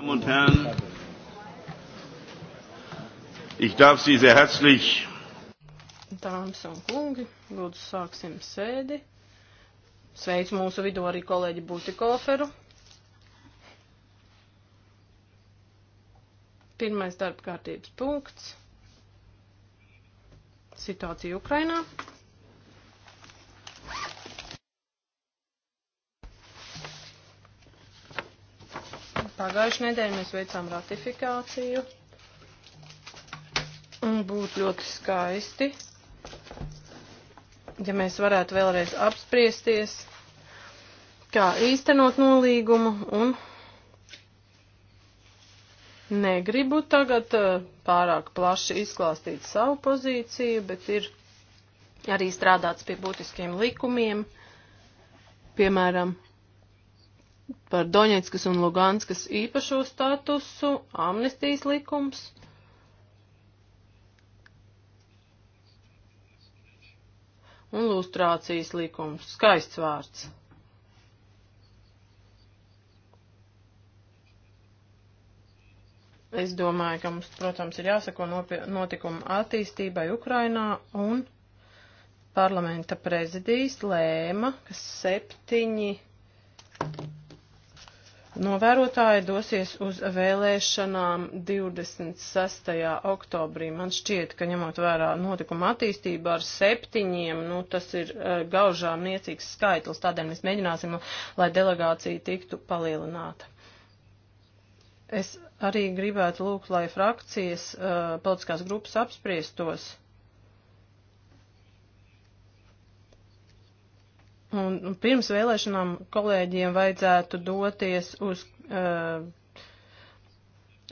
Damen und Herren, ich darf Sie sehr herzlich. Dāmas un kungi, lūdzu sāksim sēdi. Sveicu mūsu vidū arī kolēģi Butikoferu. Pirmais darba kārtības punkts. Situācija Ukrainā. Pagājušajā nedēļā mēs veicām ratifikāciju. Un būtu ļoti skaisti, ja mēs varētu vēlreiz apspriesties, kā īstenot nolīgumu un negribu tagad eh, pārāk plaši izklāstīt savu pozīciju, bet ir arī strādāts pie būtiskiem likumiem, piemēram, par Doņetskas un Luganskas īpašo statusu, amnestijas likums. Un lustrācijas likums. Skaists vārds. Es domāju, ka mums, protams, ir jāsako notikumu attīstībai Ukrainā un parlamenta prezidijas lēma, ka septiņi Novērotāji dosies uz vēlēšanām 26. oktobrī. Man šķiet, ka ņemot vērā notikuma attīstību ar septiņiem, nu, tas ir uh, eh, gaužām niecīgs skaitlis, tādēļ mēs mēģināsim, lai delegācija tiktu palielināta. Es arī gribētu lūgt, lai frakcijas, uh, politiskās grupas apspriestos. Uh, Un pirms vēlēšanām kolēģiem vajadzētu doties uz uh,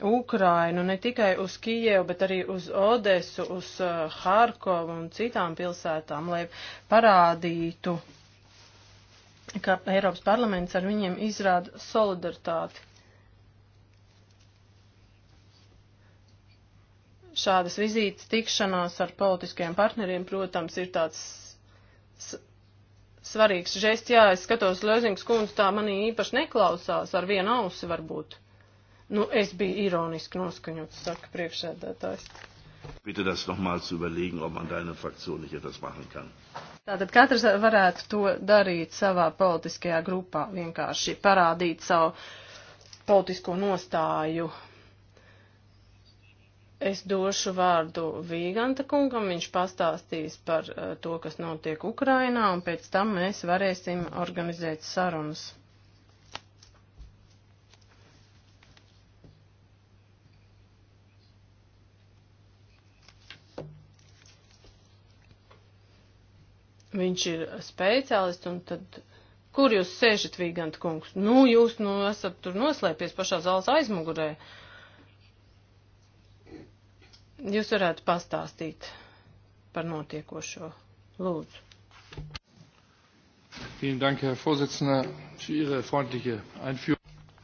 Ukrainu, ne tikai uz Kijevu, bet arī uz Odesu, uz uh, Harkovu un citām pilsētām, lai parādītu, ka Eiropas parlaments ar viņiem izrāda solidaritāti. Šādas vizītes tikšanās ar politiskajiem partneriem, protams, ir tāds svarīgs žests. Jā, es skatos, Lozings kundze tā manī īpaši neklausās, ar vienu ausi varbūt. Nu, es biju ironiski noskaņots, saka priekšsēdētājs. Bitte das nochmal zu überlegen, ob man deine Fraktion nicht etwas machen kann. Tātad katrs varētu to darīt savā politiskajā grupā, vienkārši parādīt savu politisko nostāju, Es došu vārdu Vīganta kungam, viņš pastāstīs par eh, to, kas notiek Ukrainā, un pēc tam mēs varēsim organizēt sarunas. Viņš ir speciālists, un tad, kur jūs sēžat, Vīganta kungs? Nu, jūs, nu, esat tur noslēpies pašā zāles aizmugurē. Uh, Jūs varētu pastāstīt par notiekošo. Lūdzu. Vielen Dank, Herr Vorsitzender, für Ihre freundliche Einführung.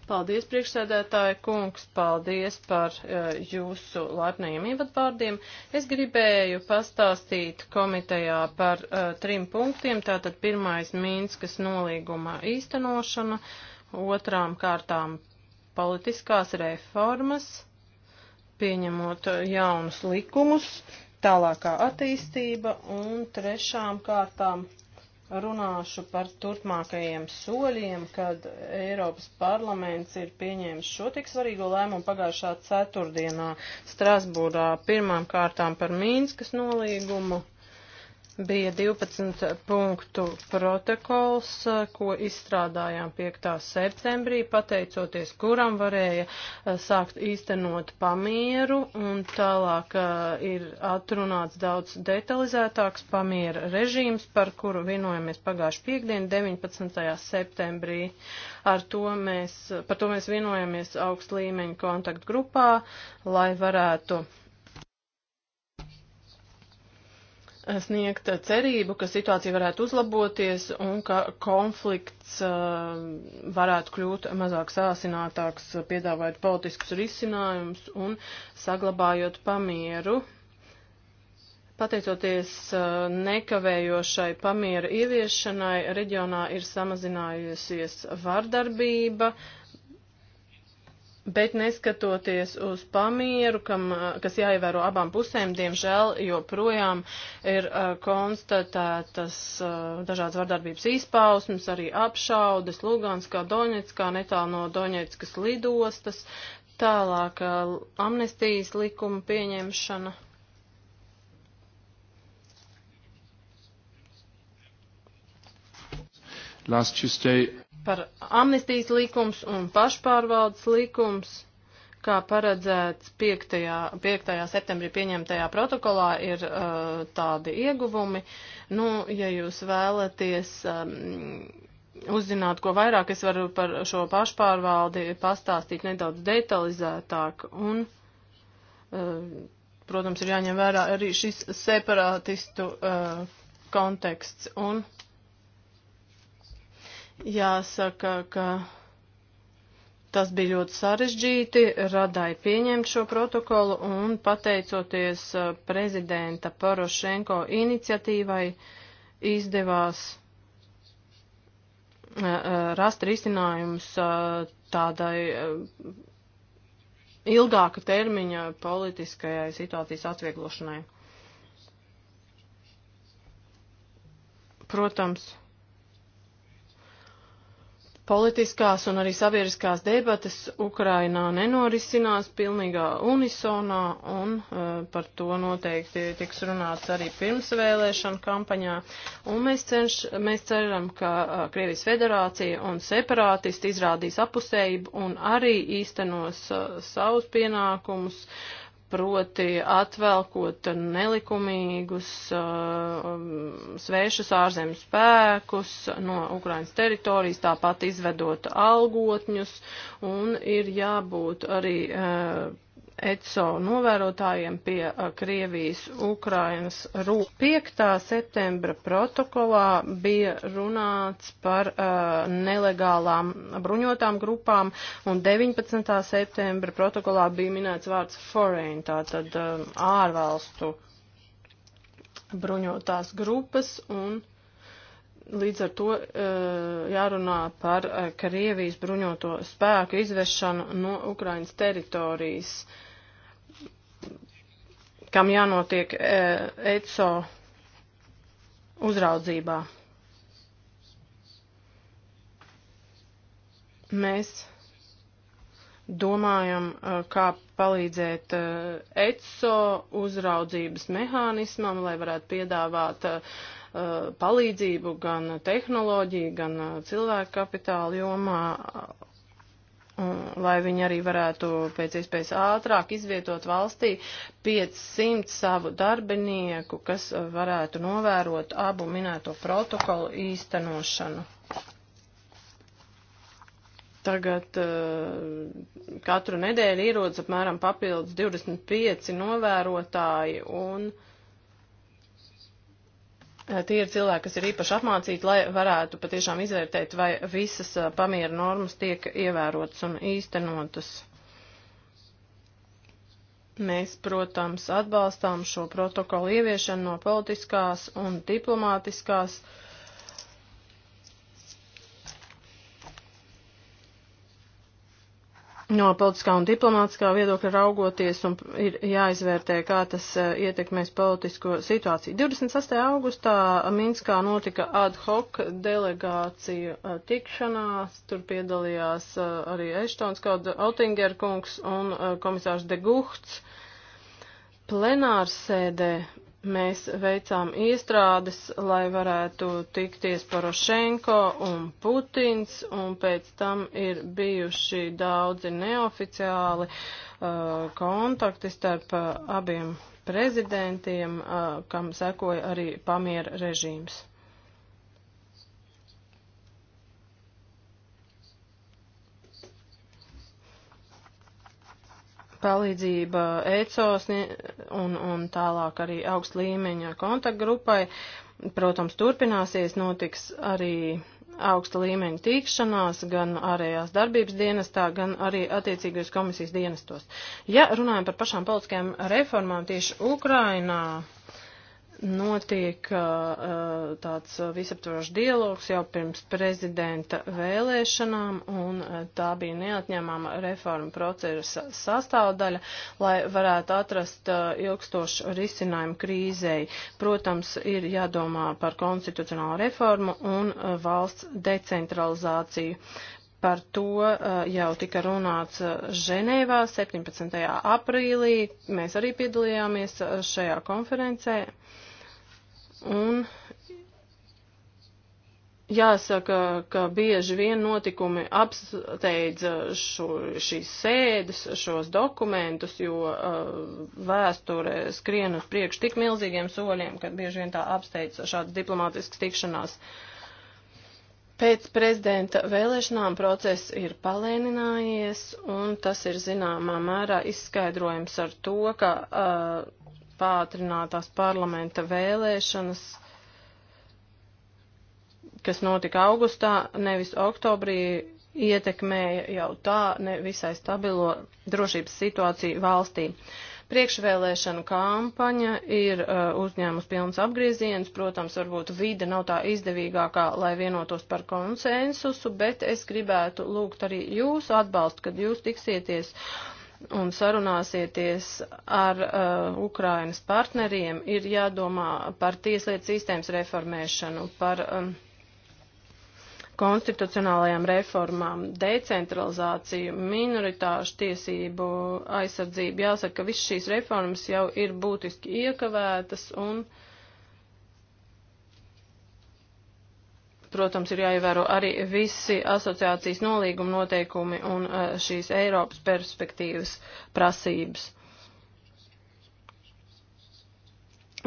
Paldies, priekšsēdētāji kungs, paldies par uh, jūsu laipnajiem ievadvārdiem. Es gribēju pastāstīt komitejā par uh, trim punktiem. Tātad pirmais Mīnskas nolīguma īstenošana, otrām kārtām politiskās reformas pieņemot uh, jaunus likumus, tālākā attīstība un trešām kārtām runāšu par turpmākajiem soļiem, kad Eiropas parlaments ir pieņēmis šo tik svarīgo lēmumu pagājušā ceturtdienā Strasbūrā pirmām kārtām par Mīnskas nolīgumu bija 12 punktu protokols, ko izstrādājām 5. septembrī, pateicoties kuram varēja eh, sākt īstenot pamieru, un tālāk eh, ir atrunāts daudz detalizētāks pamiera režīms, par kuru vienojamies pagājuši piekdien, 19. septembrī. Ar to mēs, par to mēs vienojamies augst līmeņu kontaktgrupā, lai varētu sniegt cerību, ka situācija varētu uzlaboties un ka konflikts uh, varētu kļūt mazāk sāsinātāks, piedāvājot politiskus risinājumus un saglabājot pamieru. Pateicoties uh, nekavējošai pamiera ieviešanai, reģionā ir samazinājusies vardarbība, uh, Bet neskatoties uz pamieru, kam, eh, kas jāievēro abām pusēm, diemžēl joprojām ir uh, konstatētas uh, dažādas vardarbības izpausmes, arī apšaudes Luganskā, Doņetskā, netālu no Doņetskas lidostas, tālāk uh, amnestijas likuma pieņemšana. Last Tuesday par amnestijas likums un pašpārvaldes likums kā paredzēts 5. 5. septembrī pieņemtajā protokolā, ir uh, tādi ieguvumi. Nu, ja jūs vēlaties um, uzzināt, ko vairāk es varu par šo pašpārvaldi pastāstīt nedaudz detalizētāk. Un, uh, protams, ir jāņem vērā arī šis separātistu uh, konteksts. Un, uh, Jāsaka, ka tas bija ļoti sarežģīti, radai pieņemt šo protokolu un pateicoties prezidenta Porošenko iniciatīvai izdevās rast risinājumus tādai ilgāka termiņa politiskajai situācijas atvieglošanai. Protams, politiskās un arī sabiedriskās debates Ukrainā nenorisinās pilnīgā unisonā, un e, par to noteikti tiks runāts arī pirmsvēlēšana kampaņā. Un mēs, cenš, mēs ceram, ka a, e, Krievijas federācija un separātisti izrādīs apusējību un arī īstenos a, e, savus pienākumus. A, proti atvelkot nelikumīgus uh, svešus ārzemju spēkus no Ukrainas teritorijas, tāpat izvedot algotņus, un ir jābūt arī uh, ECO novērotājiem pie Krievijas Ukrainas. 5. septembra protokolā bija runāts par uh, nelegālām bruņotām grupām, un 19. septembra protokolā bija minēts vārds foreign, tātad uh, ārvalstu bruņotās grupas, un līdz ar to jārunā par Krievijas bruņoto spēku izvešanu no Ukrainas teritorijas kam jānotiek ECO uzraudzībā. Mēs domājam, e, kā palīdzēt ECO uzraudzības mehānismam, lai varētu piedāvāt e, palīdzību gan tehnoloģiju, gan e, cilvēku kapitāla jomā, lai viņi arī varētu pēc iespējas ātrāk izvietot valstī 500 savu darbinieku, kas varētu novērot abu minēto protokolu īstenošanu. Tagad eh, katru nedēļu ierodas apmēram papildus 25 novērotāji un uh, Tie ir cilvēki, kas ir īpaši apmācīti, lai varētu patiešām izvērtēt, vai visas pamiera normas tiek ievērotas un īstenotas. Mēs, protams, atbalstām šo protokolu ieviešanu no politiskās un diplomātiskās uh, no politiskā un diplomātiskā viedokļa raugoties un ir jāizvērtē, kā tas eh, ietekmēs politisko situāciju. 28. augustā Minskā notika ad hoc delegācija eh, tikšanās, tur piedalījās eh, arī Eštons, kāda Otingerkungs un komisārs De Guhts. Plenārsēdē mēs veicām iestrādes, lai varētu tikties Porošenko un Putins, un pēc tam ir bijuši daudzi neoficiāli uh, kontakti starp uh, abiem prezidentiem, uh, kam sekoja arī pamiera režīms. palīdzība ECO un, un tālāk arī augst līmeņa kontaktgrupai, protams, turpināsies, notiks arī augsta līmeņa tīkšanās gan ārējās darbības dienestā, gan arī attiecīgajos komisijas dienestos. Ja runājam par pašām politiskajām reformām tieši Ukrainā, uh, notiek uh, uh tāds uh, visaptvarošs dialogs jau pirms prezidenta vēlēšanām, un uh, tā bija neatņemama reforma procesa sastāvdaļa, lai varētu atrast uh, ilgstošu risinājumu krīzei. Protams, ir jādomā par konstitucionālu reformu un uh, valsts decentralizāciju. Par to jau tika runāts Ženēvā 17. aprīlī. Mēs arī piedalījāmies šajā konferencē. Un jāsaka, ka bieži vien notikumi apsteidza šo, šīs sēdes, šos dokumentus, jo uh, vēsture skrien uz priekšu tik milzīgiem soļiem, ka bieži vien tā apsteidza šādas diplomātiskas tikšanās. Pēc prezidenta vēlēšanām process ir palēninājies, un tas ir zināmā mērā izskaidrojams ar to, ka uh, pātrinātās parlamenta vēlēšanas, kas notika augustā, nevis oktobrī, ietekmēja jau tā nevisai stabilo drošības situāciju valstī. Priekšvēlēšana kampaņa ir uh, uzņēmus pilns apgrieziens, protams, varbūt vide nav tā izdevīgākā, lai vienotos par konsensusu, bet es gribētu lūgt arī jūsu atbalstu, kad jūs tiksieties uh, un sarunāsieties ar uh, Ukrainas partneriem, ir jādomā par tieslietu sistēmas reformēšanu, par um, konstitucionālajām reformām, decentralizāciju, minoritāšu tiesību aizsardzību. Jāsaka, ka visas šīs reformas jau ir būtiski iekavētas un uh, protams, ir jāievēro arī visi asociācijas nolīguma noteikumi un eh, šīs Eiropas perspektīvas prasības.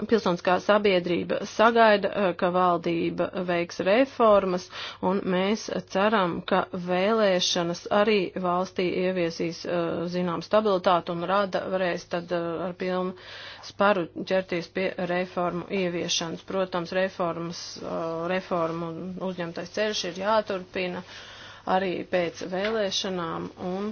Pilsoniskā sabiedrība sagaida, eh, ka valdība veiks reformas, un mēs ceram, ka vēlēšanas arī valstī ieviesīs eh, zinām stabilitātu un rada varēs tad eh, ar pilnu sparu ķerties pie reformu ieviešanas. Protams, reformas, reformu uzņemtais ceļš ir jāturpina arī pēc vēlēšanām un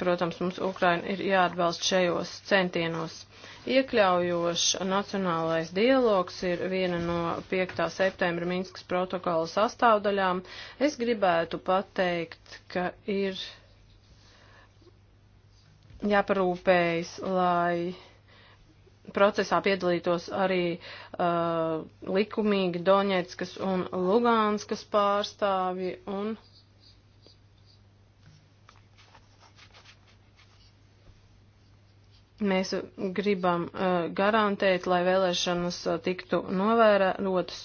protams, mums Ukraina ir jāatbalsta šajos centienos. Iekļaujošs nacionālais dialogs ir viena no 5. septembra Minskas protokola sastāvdaļām. Es gribētu pateikt, ka ir jāparūpējas, lai procesā piedalītos arī uh, likumīgi Doņetskas un Lugānskas pārstāvi un Mēs gribam uh, garantēt, lai vēlēšanas uh, tiktu novērotas.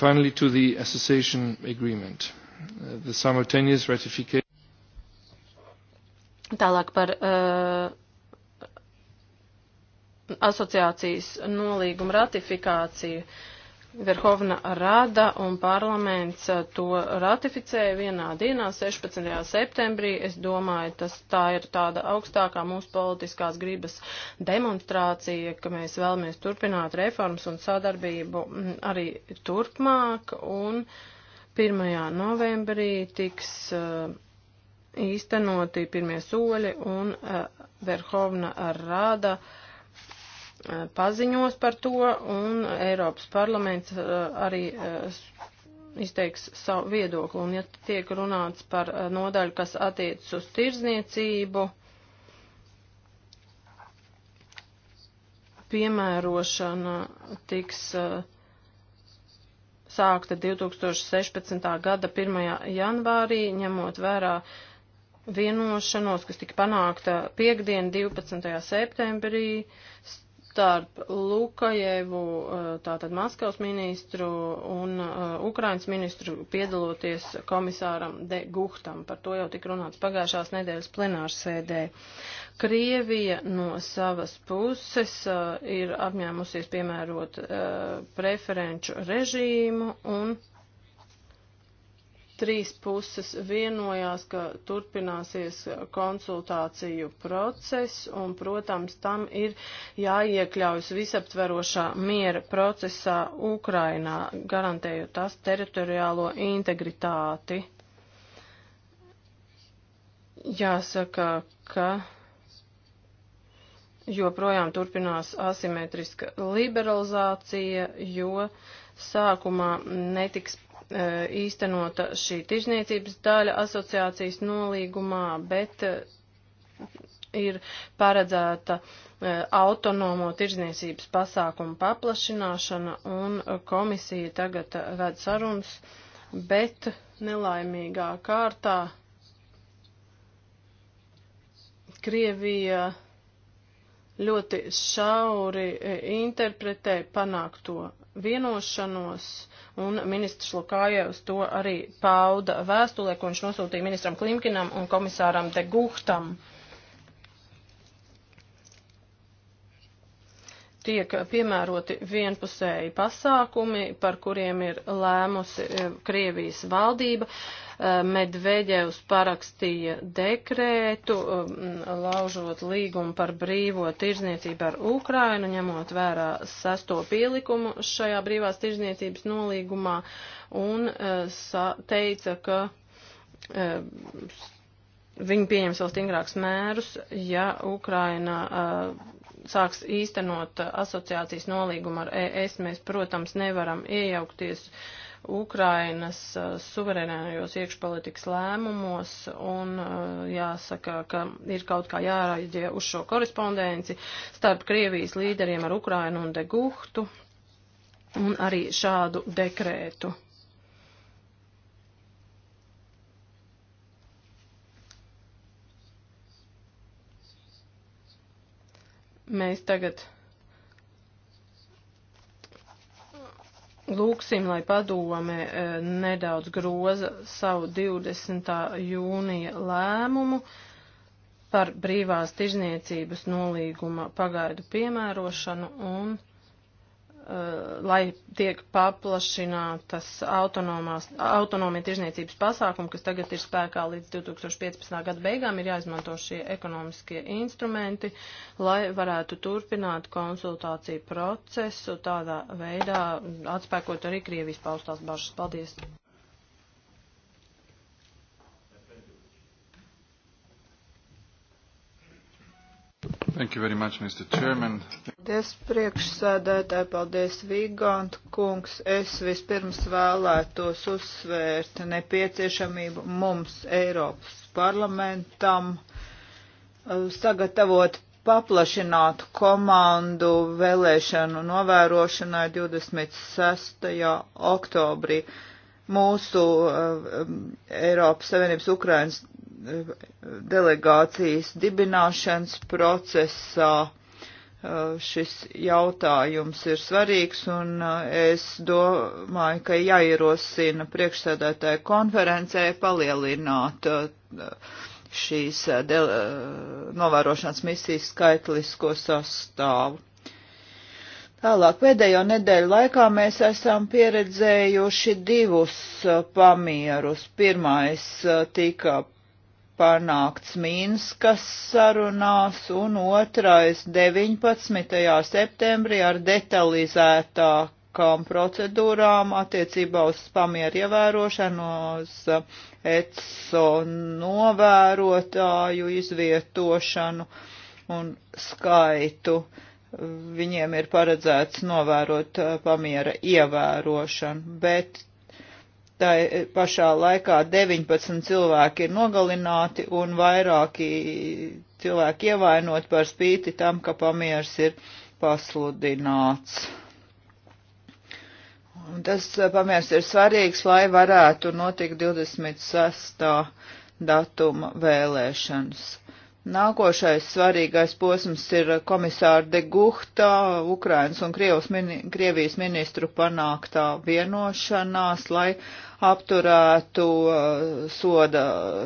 Finally, to the association agreement. Uh, the simultaneous ratification. Tālāk par uh, asociācijas nolīgumu ratifikāciju. Uh, Verhovna Rada un parlaments uh, to ratificēja vienā dienā, 16. septembrī. Es domāju, tas tā ir tāda augstākā mūsu politiskās gribas demonstrācija, ka mēs vēlamies turpināt reformas un sadarbību mm, arī turpmāk. Un 1. novembrī tiks uh, īstenoti pirmie soļi un uh, Verhovna Rada. Uh, Eh, paziņos par to, un Eiropas parlaments eh, arī eh, izteiks savu viedokli. Un, ja tiek runāts par nodaļu, kas attiecas uz tirzniecību, piemērošana tiks sākta 2016. gada 1. janvārī, ņemot vērā vienošanos, kas tika panākta piekdien 12. septembrī starp Lukajevu, eh, tātad Maskavas ministru un eh, Ukrainas ministru piedaloties komisāram De Guhtam. Par to jau tik runāts pagājušās nedēļas plenārsēdē. Krievija no savas puses eh, ir apņēmusies piemērot preferenču režīmu un Trīs puses vienojās, ka turpināsies konsultāciju process un, protams, tam ir jāiekļaujas visaptverošā miera procesā Ukrainā, garantējot tās teritoriālo integritāti. Jāsaka, ka joprojām turpinās asimetriska liberalizācija, jo sākumā netiks E, īstenota šī tirzniecības daļa asociācijas nolīgumā, bet e, ir paredzēta e, autonomo tirzniecības pasākumu paplašināšana un komisija tagad ved sarunas, bet nelaimīgā kārtā Krievija ļoti šauri interpretē panākto vienošanos un ministrs Lukājevs to arī pauda vēstulē, ko viņš nosūtīja ministram Klimkinam un komisāram De Guhtam. tiek piemēroti vienpusēji pasākumi, par kuriem ir lēmusi e, Krievijas valdība. E, Medveģevs parakstīja dekrētu, e, laužot līgumu par brīvo tirzniecību ar Ukrainu, ņemot vērā sesto pielikumu šajā brīvās tirzniecības nolīgumā, un teica, ka viņi pieņems vēl stingrākus mērus, ja Ukraina uh, sāks īstenot uh, asociācijas nolīgumu ar ES, mēs, protams, nevaram iejaukties Ukrainas uh, suverēnējos iekšpolitikas lēmumos un uh, jāsaka, ka ir kaut kā jāraiģie uz šo korespondenci starp Krievijas līderiem ar Ukrainu un Deguhtu un arī šādu dekrētu. mēs tagad lūksim, lai padome e, nedaudz groza savu 20. jūnija lēmumu par brīvās tirzniecības nolīguma pagaidu piemērošanu un Eh, lai tiek paplašinātas autonomie tirzniecības pasākumi, kas tagad ir spēkā līdz 2015. gada beigām, ir jāizmanto šie ekonomiskie instrumenti, lai varētu turpināt konsultāciju procesu tādā veidā, atspēkot arī Krievijas paustās bažas. Paldies! Much, paldies priekšsēdētāji, paldies Vīgant kungs. Es vispirms vēlētos uzsvērt nepieciešamību mums Eiropas parlamentam sagatavot paplašinātu komandu vēlēšanu novērošanai 26. oktobrī mūsu uh, um, Eiropas Savienības Ukrainas delegācijas dibināšanas procesā šis jautājums ir svarīgs, un es domāju, ka jāierosina priekšsēdētāja konferencē palielināt šīs novērošanas misijas skaitlisko sastāvu. Tālāk pēdējo nedēļu laikā mēs esam pieredzējuši divus pamierus. Pirmais tika panākts Mīnskas sarunās, un otrais 19. septembrī ar detalizētākām procedūrām attiecībā uz pamieru ievērošanu, uz uh, ECO novērotāju izvietošanu un skaitu. Viņiem ir paredzēts novērot uh, pamiera ievērošanu, bet Tā pašā laikā 19 cilvēki ir nogalināti un vairāki cilvēki ievainot par spīti tam, ka pamieris ir pasludināts. Un tas pamieris ir svarīgs, lai varētu notikt 26. datuma vēlēšanas. Nākošais svarīgais posms ir komisāra de Guhta, Ukrainas un mini, Krievijas ministru panāktā vienošanās, lai apturētu uh, soda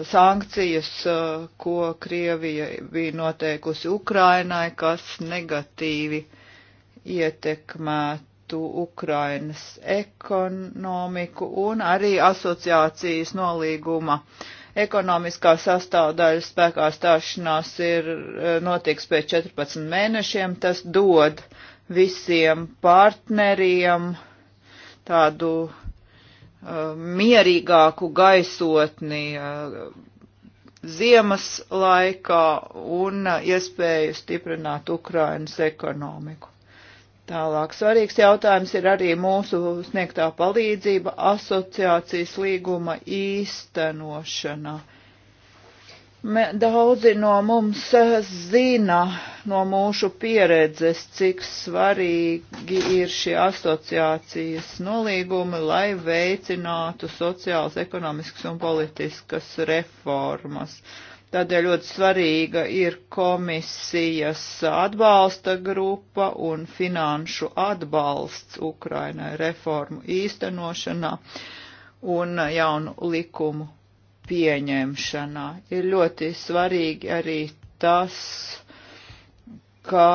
sankcijas, uh, ko Krievija bija noteikusi Ukrainai, kas negatīvi ietekmētu Ukrainas ekonomiku un arī asociācijas nolīguma uh, Ekonomiskā sastāvdaļa spēkā stāšanās ir eh, notiks pēc 14 mēnešiem. Tas dod visiem partneriem tādu uh, mierīgāku gaisotni uh, ziemas laikā un iespēju stiprināt Ukrainas ekonomiku. Tālāk svarīgs jautājums ir arī mūsu sniegtā palīdzība asociācijas līguma īstenošana. Me, daudzi no mums zina no mūsu pieredzes, cik svarīgi ir šie asociācijas nolīgumi, lai veicinātu sociālas, ekonomiskas un politiskas reformas. Uh, Tādēļ ļoti svarīga ir komisijas atbalsta grupa un finanšu atbalsts Ukrainai reformu īstenošanā un jaunu likumu pieņemšanā. Ir ļoti svarīgi arī tas, ka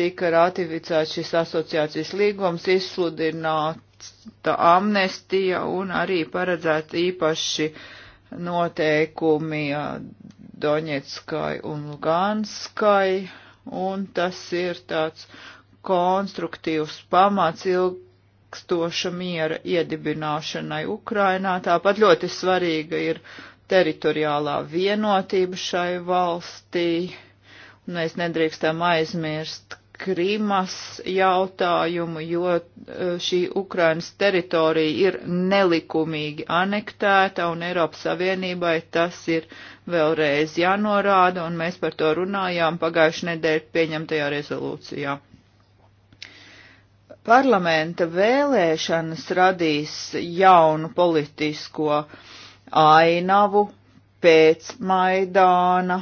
tika ratificēts šis asociācijas līgums, izsludināta amnestija un arī paredzēta īpaši uh, noteikumi Doņetskai un Luganskai, un tas ir tāds konstruktīvs pamats ilgstoša miera iedibināšanai Ukrainā. Tāpat ļoti svarīga ir teritoriālā vienotība šai valstī. Mēs nedrīkstam aizmirst, Krimas jautājumu, jo eh, šī Ukrainas teritorija ir nelikumīgi anektēta un Eiropas Savienībai tas ir vēlreiz jānorāda, un mēs par to runājām pagājušajā nedēļā pieņemtajā rezolūcijā. Parlamenta vēlēšanas radīs jaunu politisko ainavu pēc Maidāna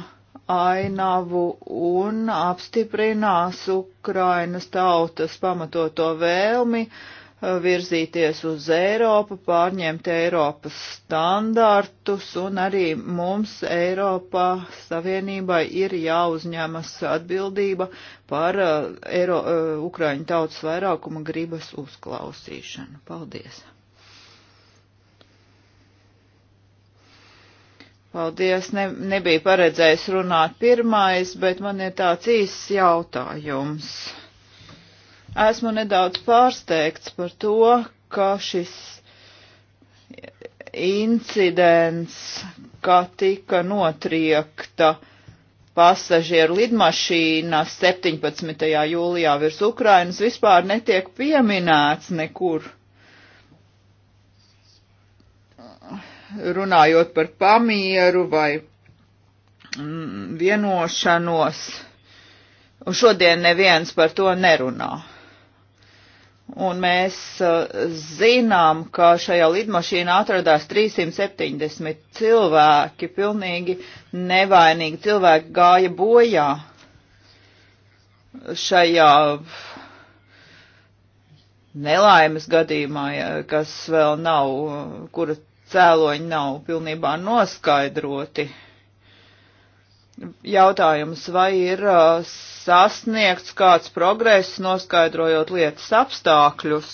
ainavu un apstiprinās Ukrainas tautas pamatoto vēlmi eh, virzīties uz Eiropu, pārņemt Eiropas standartus un arī mums Eiropā Savienībai ir jāuzņemas atbildība par eh, Eiro, eh, Ukraiņu tautas vairākuma gribas uzklausīšanu. Paldies! Paldies, ne, nebija paredzējis runāt pirmais, bet man ir tāds īsts jautājums. Esmu nedaudz pārsteigts par to, ka šis incidents, kā tika notriekta pasažieru lidmašīna 17. jūlijā virs Ukrainas, vispār netiek pieminēts nekur runājot par pamieru vai mm, vienošanos, un šodien neviens par to nerunā. Un mēs eh, zinām, ka šajā lidmašīnā atradās 370 cilvēki, pilnīgi nevainīgi cilvēki gāja bojā šajā nelaimes gadījumā, kas vēl nav, kura cēloņi nav pilnībā noskaidroti. Jautājums, vai ir uh, sasniegts kāds progress, noskaidrojot lietas apstākļus,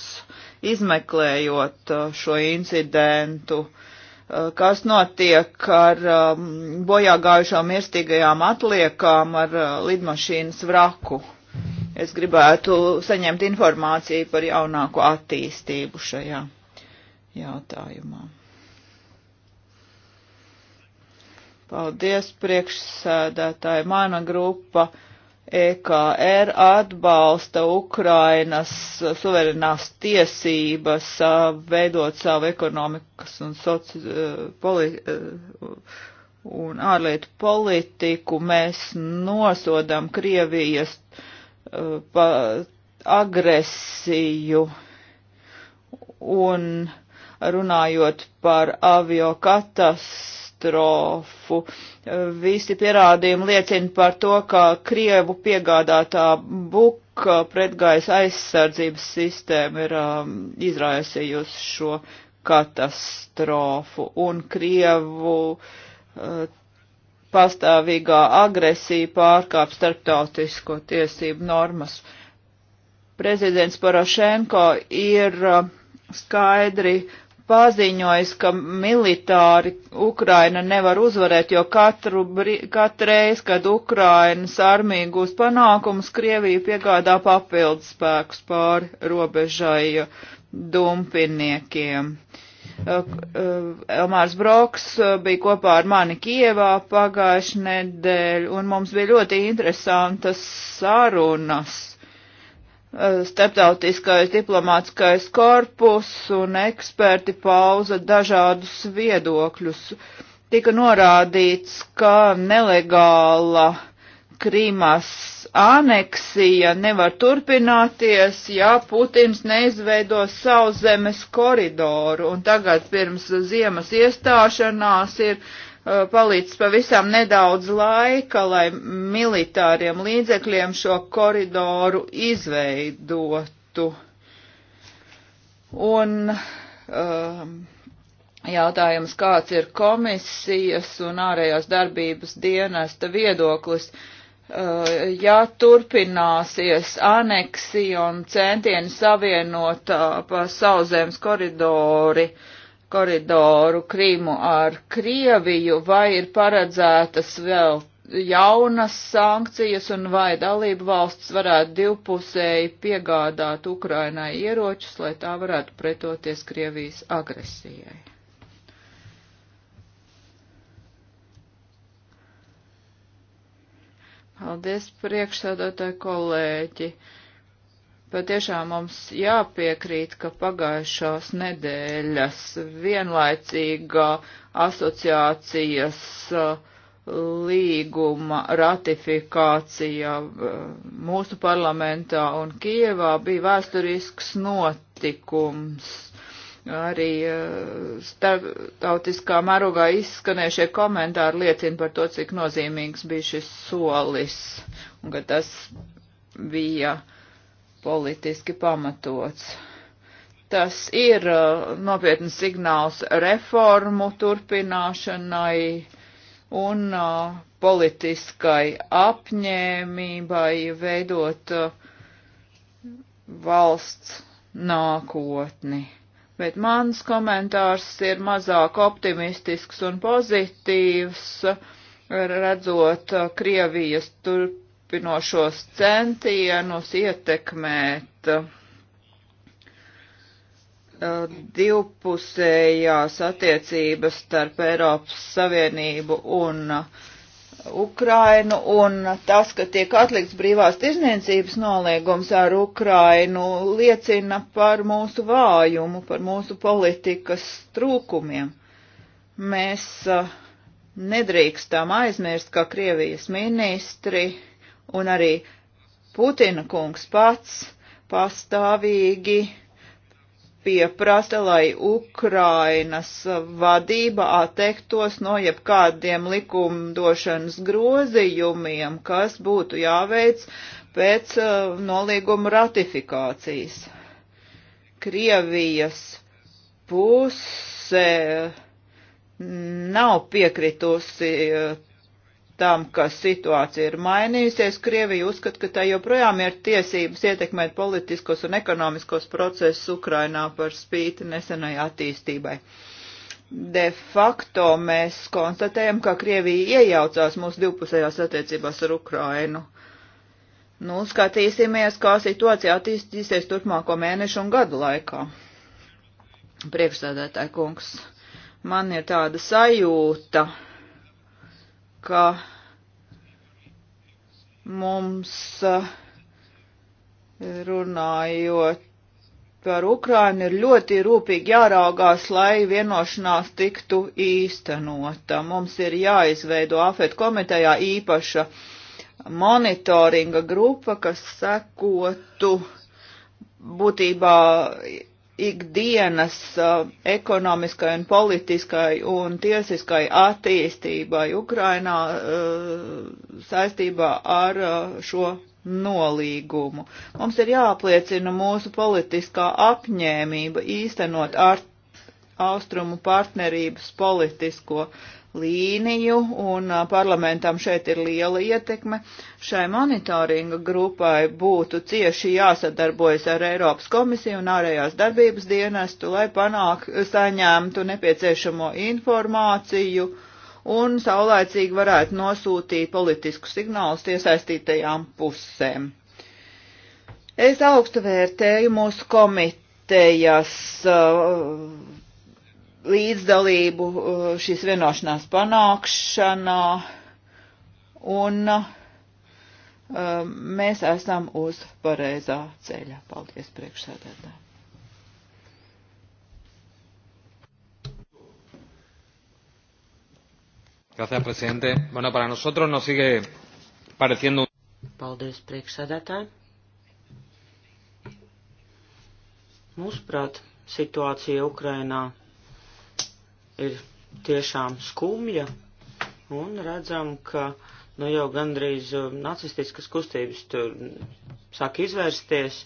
izmeklējot uh, šo incidentu, uh, kas notiek ar um, bojā gājušām mirstīgajām atliekām ar lidmašīnas vraku. Es gribētu saņemt informāciju par jaunāko attīstību šajā jautājumā. Paldies, priekšsēdētāji. Mana grupa EKR atbalsta Ukrainas suverenās tiesības veidot savu ekonomikas un, soci, poli, un ārlietu politiku. Mēs nosodam Krievijas pa, agresiju un runājot par avio katastrofu katastrofu. Visi pierādījumi liecina par to, ka Krievu piegādātā buka pretgaisa aizsardzības sistēma ir um, izraisījusi šo katastrofu un Krievu uh, pastāvīgā agresija pārkāp starptautisko tiesību normas. Prezidents Porošenko ir uh, skaidri paziņojis, ka militāri Ukraina nevar uzvarēt, jo katru, katreiz, kad Ukrainas armija gūs panākumus, Krievija piegādā papildus spēkus pāri robežai uh, dumpiniekiem. Uh, uh, Elmārs Broks bija kopā ar mani Kievā pagājuši nedēļu, un mums bija ļoti interesantas sarunas Eh, starptautiskais diplomātskais korpus un eksperti pauza dažādus viedokļus. Tika norādīts, ka nelegāla Krīmas aneksija nevar turpināties, ja Putins neizveido savu zemes koridoru. Un tagad pirms ziemas iestāšanās ir Uh, palicis pavisam nedaudz laika, lai militāriem līdzekļiem šo koridoru izveidotu. Un um, jautājums, kāds ir komisijas un ārējās darbības dienesta viedoklis, uh, ja turpināsies aneksija un centieni savienot uh, pa sauzēms koridori, uh, koridoru Krīmu ar Krieviju, vai ir paredzētas vēl jaunas sankcijas un vai dalību valsts varētu divpusēji piegādāt Ukrainai ieročus, lai tā varētu pretoties Krievijas agresijai. Paldies priekšsēdētāji kolēģi. Patiešām mums jāpiekrīt, ka pagājušās nedēļas vienlaicīgā asociācijas uh, līguma ratifikācija uh, mūsu parlamentā un Kievā bija vēsturisks notikums arī uh, starptautiskā mērogā izskanējušie komentāri liecina par to, cik nozīmīgs bija šis solis un ka tas bija politiski pamatots. Tas ir uh, nopietns signāls reformu turpināšanai un uh, politiskai apņēmībai veidot uh, valsts nākotni. Bet mans komentārs ir mazāk optimistisks un pozitīvs, redzot Krievijas turpinājumu turpinošos centienus ietekmēt uh, divpusējās attiecības starp Eiropas Savienību un uh, Ukrainu, un tas, ka tiek atlikts brīvās tirzniecības noliegums ar Ukrainu, liecina par mūsu vājumu, par mūsu politikas trūkumiem. Mēs uh, nedrīkstam aizmirst, ka Krievijas ministri un arī Putina kungs pats pastāvīgi pieprasa, lai Ukrainas vadība atteiktos no jebkādiem likumdošanas grozījumiem, kas būtu jāveic pēc uh, nolīguma ratifikācijas. Krievijas puse nav piekritusi uh, tam, ka situācija ir mainījusies, Krievija uzskata, ka tā joprojām ir tiesības ietekmēt politiskos un ekonomiskos procesus Ukrainā par spīti nesenai attīstībai. De facto mēs konstatējam, ka Krievija iejaucās mūsu divpusējās attiecībās ar Ukrainu. Nu, skatīsimies, kā situācija attīstīsies turpmāko mēnešu un gadu laikā. Priekšsēdētāji kungs, man ir tāda sajūta, ka mums eh, runājot par Ukrainu ir ļoti rūpīgi jāraugās, lai vienošanās tiktu īstenota. Mums ir jāizveido AFET komitejā īpaša monitoringa grupa, kas sekotu būtībā ikdienas uh, ekonomiskai un politiskai un tiesiskai attīstībai Ukrainā uh, saistībā ar uh, šo nolīgumu. Mums ir jāapliecina mūsu politiskā apņēmība īstenot ar austrumu partnerības politisko līniju, un parlamentam šeit ir liela ietekme. Šai monitoringa grupai būtu cieši jāsadarbojas ar Eiropas komisiju un ārējās darbības dienestu, lai panāk saņemtu nepieciešamo informāciju un saulēcīgi varētu nosūtīt politisku signālus iesaistītajām pusēm. Es augstu vērtēju mūsu komitejas uh, līdzdalību uh, šīs vienošanās panākšanā, un uh, mēs esam uz pareizā ceļa. Paldies priekšsēdētājiem! Gracias, presidente. Bueno, para nosotros nos sigue pareciendo. Paldies, priekšsēdētāji. Mūsuprāt, situācija Ukrainā ir tiešām skumja, un redzam, ka nu jau gandrīz uh, nacistiskas kustības tur sāk izvērsties.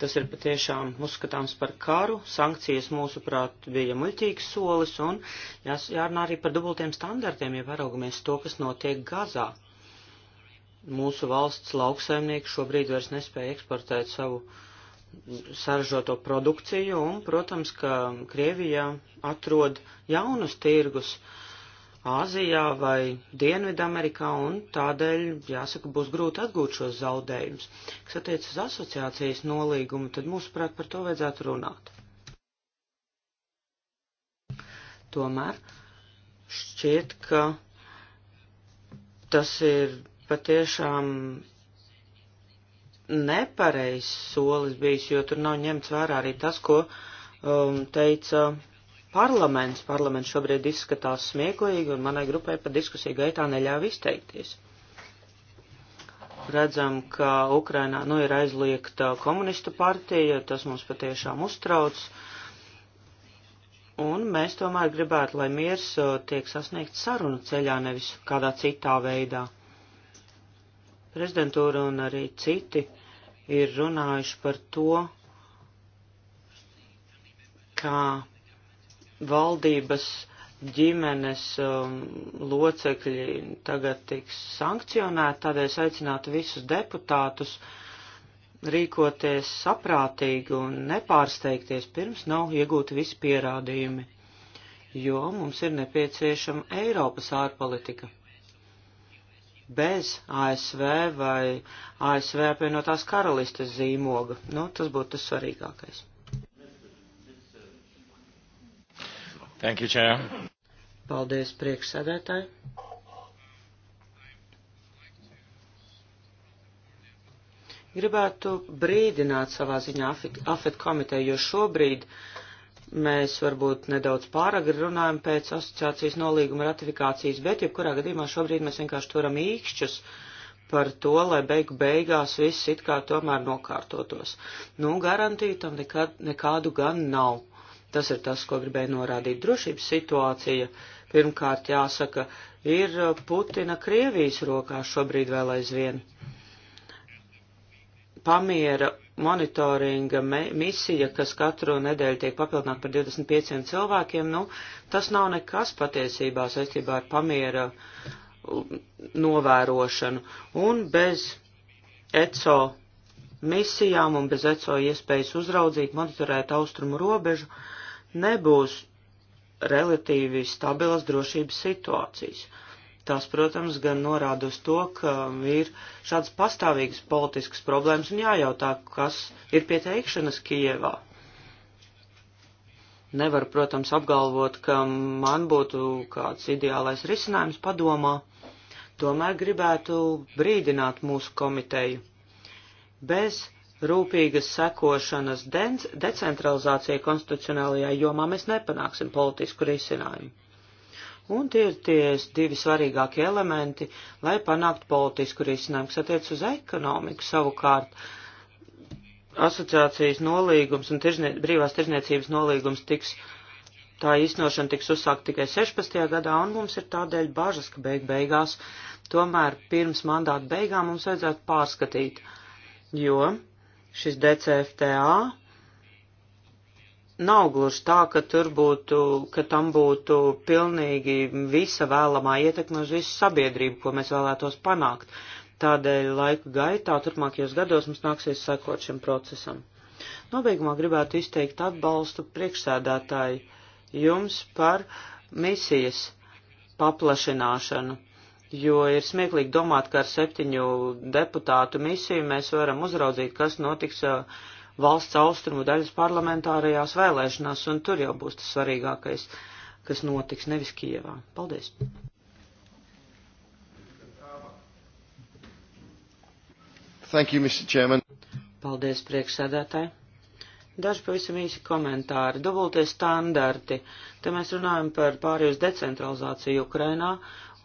Tas ir patiešām uzskatāms par karu, sankcijas mūsuprāt bija muļķīgs solis, un jās, jārunā arī par dubultiem standartiem, ja paraugamies to, kas notiek Gazā. Mūsu valsts lauksaimnieki šobrīd vairs nespēja eksportēt savu uh, saražoto produkciju un, protams, ka Krievija atrod jaunus tirgus Āzijā vai Dienvidamerikā un tādēļ, jāsaka, būs grūti atgūt šos zaudējumus. Kas attiec uz asociācijas nolīgumu, tad mūsuprāt par to vajadzētu runāt. Tomēr šķiet, ka tas ir patiešām nepareizs solis bijis, jo tur nav ņemts vērā arī tas, ko um, teica parlaments. Parlaments šobrīd izskatās smieklīgi, un manai grupai pa diskusiju gaitā neļāva izteikties. Redzam, ka Ukrainā nu, ir aizliegta komunistu partija, tas mums patiešām uztrauc. Un mēs tomēr gribētu, lai miers uh, tiek sasniegts sarunu ceļā, nevis kādā citā veidā. Prezidentūra un arī citi ir runājuši par to, kā valdības ģimenes um, locekļi tagad tiks sankcionēti, tādēļ es aicinātu visus deputātus rīkoties saprātīgi un nepārsteigties pirms nav iegūti visi pierādījumi, jo mums ir nepieciešama Eiropas ārpolitika bez ASV vai ASV apvienotās karalistes zīmoga. Nu, tas būtu tas svarīgākais. Thank you, Chair. Paldies, priekšsēdētāji. Gribētu brīdināt savā ziņā AFET komiteju, jo šobrīd uh, mēs varbūt nedaudz pāragri runājam pēc asociācijas nolīguma ratifikācijas, bet jebkurā gadījumā šobrīd mēs vienkārši turam īkšķus par to, lai beigu beigās viss it kā tomēr nokārtotos. Nu, garantiju tam nekad, nekādu gan nav. Tas ir tas, ko gribēju norādīt. Drošības situācija, pirmkārt, jāsaka, ir Putina Krievijas rokās šobrīd vēl aizvien. Pamiera monitoringa misija, kas katru nedēļu tiek papildināta par 25 cilvēkiem, nu, tas nav nekas patiesībā saistībā ar pamiera novērošanu. Un bez ECO misijām un bez ECO iespējas uzraudzīt, monitorēt austrumu robežu, nebūs relatīvi stabilas drošības situācijas. Uh, Tas, protams, gan norāda uz to, ka ir šāds pastāvīgs politisks problēmas un jājautā, kas ir pie teikšanas Kijevā. Nevar, protams, apgalvot, ka man būtu kāds ideālais risinājums padomā, tomēr gribētu brīdināt mūsu komiteju. Bez rūpīgas sekošanas decentralizācijai konstitucionālajā jomā mēs nepanāksim politisku risinājumu Un tie ir tie divi svarīgākie elementi, lai panāktu politisku risinājumu, kas attiec uz ekonomiku savukārt. Asociācijas nolīgums un tirznie, brīvās tirzniecības nolīgums tiks, tā īstenošana tiks uzsākt tikai 16. gadā, un mums ir tādēļ bažas, ka beig beigās, tomēr pirms mandāta beigām mums vajadzētu pārskatīt, jo šis DCFTA nav gluži tā, ka tur būtu, ka tam būtu pilnīgi visa vēlamā ietekme uz visu sabiedrību, ko mēs vēlētos panākt. Tādēļ laika gaitā turpmākajos gados mums nāksies sekot šim procesam. Nobeigumā gribētu izteikt atbalstu priekšsēdētāji jums par misijas paplašināšanu, jo ir smieklīgi domāt, ka ar septiņu deputātu misiju mēs varam uzraudzīt, kas notiks uh, valsts austrumu daļas parlamentārajās vēlēšanās, un tur jau būs tas svarīgākais, kas notiks, nevis Kievā. Paldies! Thank you, Mr. Chairman. Paldies, priekšsēdētāji. Daži pavisam īsi komentāri. Dubultie standarti. Te mēs runājam par pārējus decentralizāciju Ukrainā,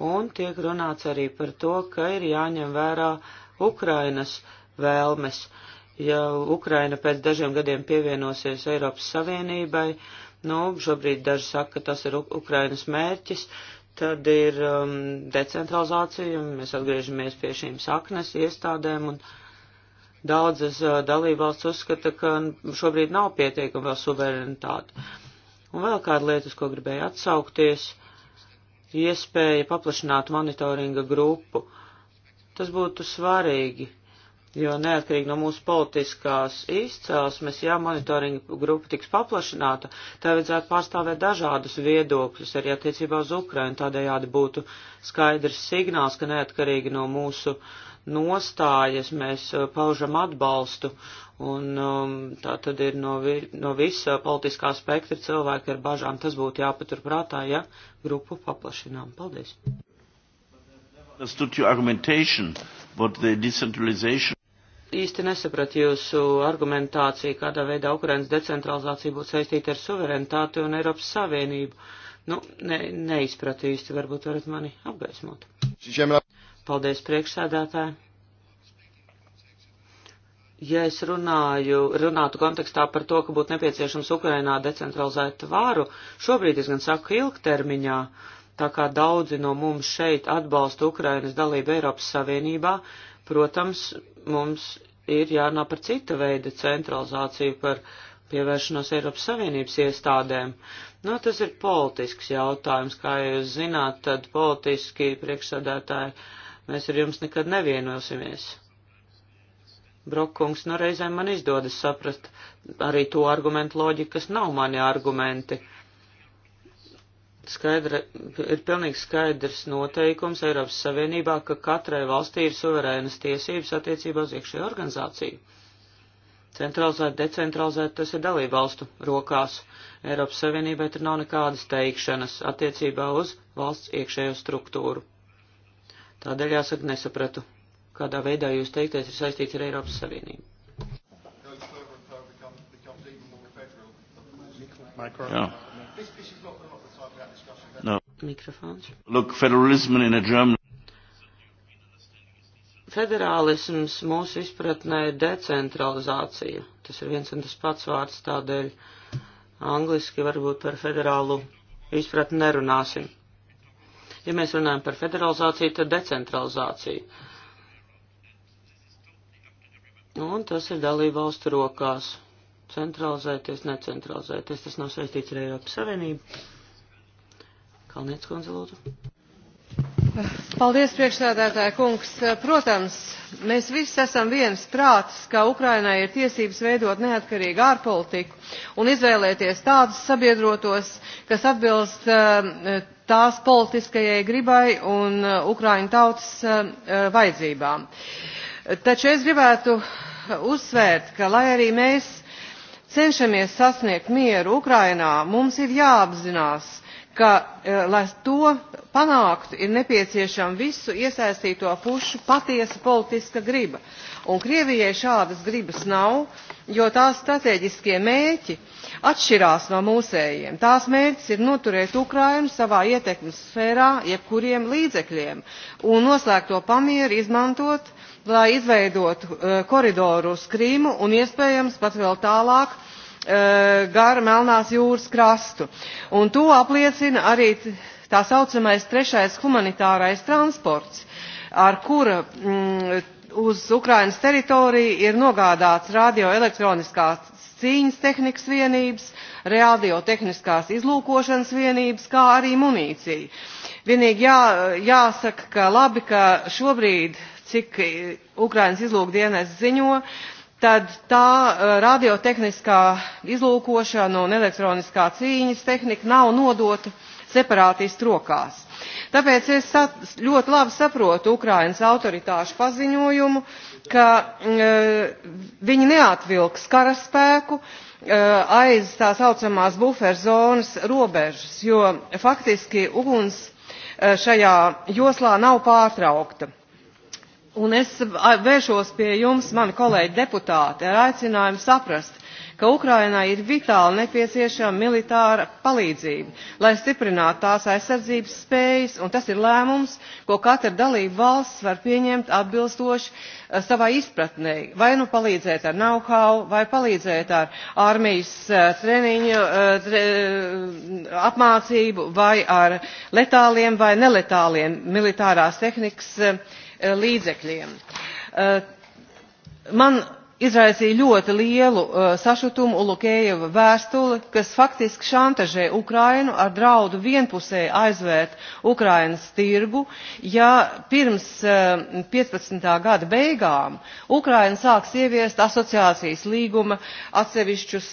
un tiek runāts arī par to, ka ir jāņem vērā Ukrainas vēlmes. Uh, ja Ukraina pēc dažiem gadiem pievienosies Eiropas Savienībai, nu, šobrīd daži saka, ka tas ir Ukrainas mērķis, tad ir um, decentralizācija, un mēs atgriežamies pie šīm saknes iestādēm, un daudzas uh, dalībvalsts uzskata, ka šobrīd nav pietiekama vēl suverenitāte. Un vēl kāda lieta, ko gribēju atsaukties, iespēja paplašināt monitoringa grupu. Tas būtu svarīgi jo neatkarīgi no mūsu politiskās izcelsmes, ja monitoringa grupa tiks paplašināta, tā vajadzētu pārstāvēt dažādus viedokļus arī attiecībā uz Ukrainu. Tādējādi būtu skaidrs signāls, ka neatkarīgi no mūsu nostājas mēs uh, paužam atbalstu. Un um, tā tad ir no, vi, no visa politiskā spektra cilvēki ar bažām. Tas būtu jāpaturprātā, ja grupu paplašinām. Paldies! understood your argumentation, but the decentralization īsti nesapratu jūsu argumentāciju, kādā veidā Ukrainas decentralizācija būtu saistīta ar suverenitāti un Eiropas Savienību. Nu, ne, neizpratu īsti, varbūt varat mani apgaismot. Paldies, priekšsēdētāji. Ja es runāju, runātu kontekstā par to, ka būtu nepieciešams Ukrainā decentralizēt varu, šobrīd es gan saku ilgtermiņā, Tā kā daudzi no mums šeit atbalsta Ukrainas dalību Eiropas Savienībā, protams, mums ir jārunā par cita veida centralizāciju, par pievēršanos Eiropas Savienības iestādēm. Nu, tas ir politisks jautājums, kā jūs zināt, tad politiski priekšsādātāji mēs ar jums nekad nevienosimies. Brokkungs, nu reizēm man izdodas saprast arī to argumentu loģiku, kas nav mani argumenti. Uh, skaidra, ir pilnīgi skaidrs noteikums Eiropas Savienībā, ka katrai valstī ir suverēnas tiesības attiecībā uz iekšējo organizāciju. Centralizēt, decentralizēt, tas ir dalību valstu rokās. Eiropas Savienībai tur nav nekādas teikšanas attiecībā uz valsts iekšējo struktūru. Tādēļ jāsaka, nesapratu, kādā veidā jūs teiktais ir saistīts ar Eiropas Savienību. Micro. Yeah. No. Mikrofons. Look, federalism in a German. Federālisms mūsu izpratnē ir decentralizācija. Tas ir viens un tas pats vārds, tādēļ angliski varbūt par federālu izpratni nerunāsim. Ja mēs runājam par federalizāciju, tad decentralizācija. Un tas ir dalība valstu rokās. Centralizēties, necentralizēties, tas nav saistīts ar Eiropas Savienību. Kalniec kundze lūdzu. Paldies, priekšsēdētāja kungs. Protams, mēs visi esam viens prātis, ka Ukrainai ir tiesības veidot neatkarīgu ārpolitiku un izvēlēties tādus sabiedrotos, kas atbilst eh, tās politiskajai gribai un eh, Ukraiņu tautas eh, vajadzībām. Taču es gribētu uzsvērt, ka lai arī mēs cenšamies sasniegt mieru Ukrainā, mums ir jāapzinās, ka, e, lai to panāktu, ir nepieciešama visu iesaistīto pušu patiesa politiska griba. Un Krievijai šādas gribas nav, jo tās strateģiskie mēķi atšķirās no mūsējiem. Tās mērķis ir noturēt Ukrainu savā ietekmes sfērā jebkuriem līdzekļiem un noslēgto pamieru izmantot, lai izveidotu e, koridoru uz Krīmu un iespējams pat vēl tālāk Eh, gara Melnās jūras krastu. Un to apliecina arī tā saucamais trešais humanitārais transports, ar kura mm, uz Ukrainas teritoriju ir nogādāts radioelektroniskās cīņas tehnikas vienības, radiotehniskās izlūkošanas vienības, kā arī munīcija. Vienīgi jā, jāsaka, ka labi, ka šobrīd, cik Ukrainas izlūkdienas ziņo, uh, tad tā eh, radiotehniskā izlūkošana un elektroniskā cīņas tehnika nav nodota separātistu rokās. Tāpēc es ļoti labi saprotu Ukrainas autoritāšu paziņojumu, ka e, viņi neatvilks karaspēku e, aiz tā saucamās buferzonas robežas, jo faktiski uguns e, šajā joslā nav pārtraukta un es vēršos pie jums, mani kolēģi deputāti, ar aicinājumu saprast, ka Ukrainai ir vitāli nepieciešama militāra palīdzība, lai stiprinātu tās aizsardzības spējas, un tas ir lēmums, ko katra dalība valsts var pieņemt atbilstoši uh, savai izpratnē, vai nu palīdzēt ar know-how, vai palīdzēt ar armijas uh, treniņu, uh, tre, apmācību, vai ar letāliem vai neletāliem militārās tehnikas Eh, līdzekļiem. Eh, man izraisīja ļoti lielu eh, sašutumu Lukējeva vēstuli, kas faktiski šantažē Ukrainu ar draudu vienpusēji aizvērt Ukrainas tirgu, ja pirms 15. gada beigām Ukraina sāks ieviest asociācijas līguma atsevišķus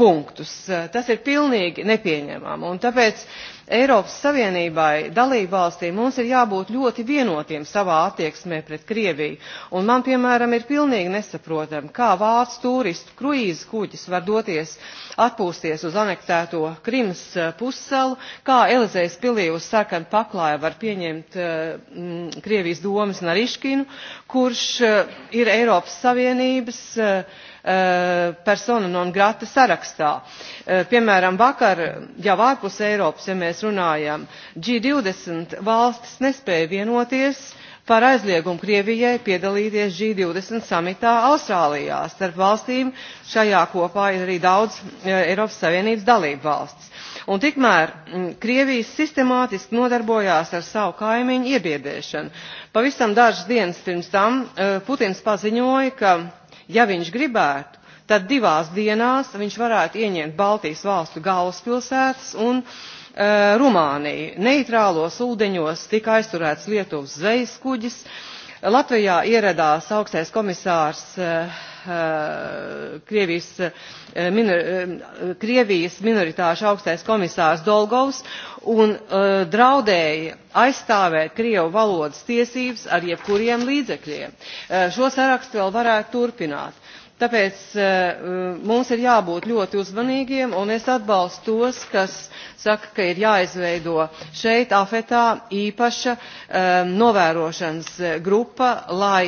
punktus. Tas ir pilnīgi nepieņemama, un tāpēc Eiropas Savienībai, dalībvalstīm mums ir jābūt ļoti vienotiem savā attieksmē pret Krieviju. Un man, piemēram, ir pilnīgi nesaprotam, kā vācu turistu kruīzu kuģis var doties atpūsties uz anektēto Krimas eh, pussalu, kā Elizejas pilī uz sarkanu paklāju var pieņemt mm, Krievijas domas Nariškinu, kurš eh, ir Eiropas Savienības uh, Eh, persona non grata sarakstā. Eh, piemēram, vakar jau ārpus Eiropas, ja mēs runājam, G20 valstis nespēja vienoties par aizliegumu Krievijai piedalīties G20 samitā Austrālijā. Starp valstīm šajā kopā ir arī daudz eh, Eiropas Savienības dalību valsts. Un tikmēr mm, Krievijas sistemātiski nodarbojās ar savu kaimiņu iebiedēšanu. Pavisam dažas dienas pirms tam Putins paziņoja, ka ja viņš gribētu tad divās dienās viņš varētu ieņemt baltijas valstu galvaspilsētas un e, rumāniju. neitrālos ūdeņos tika aizturēts lietuvas zvejas kuģis latvijā ieradās augstais komisārs e, Eh, Krievijas, eh, minor, eh, Krievijas minoritāšu augstais komisārs Dolgovs un draudēja aizstāvēt Krievu valodas tiesības ar jebkuriem līdzekļiem. Šo sarakstu vēl varētu turpināt Tāpēc eh, eh, mums ir jābūt ļoti uzmanīgiem, un es atbalstu tos, kas saka, ka ir jāizveido šeit afetā īpaša eh, novērošanas grupa, lai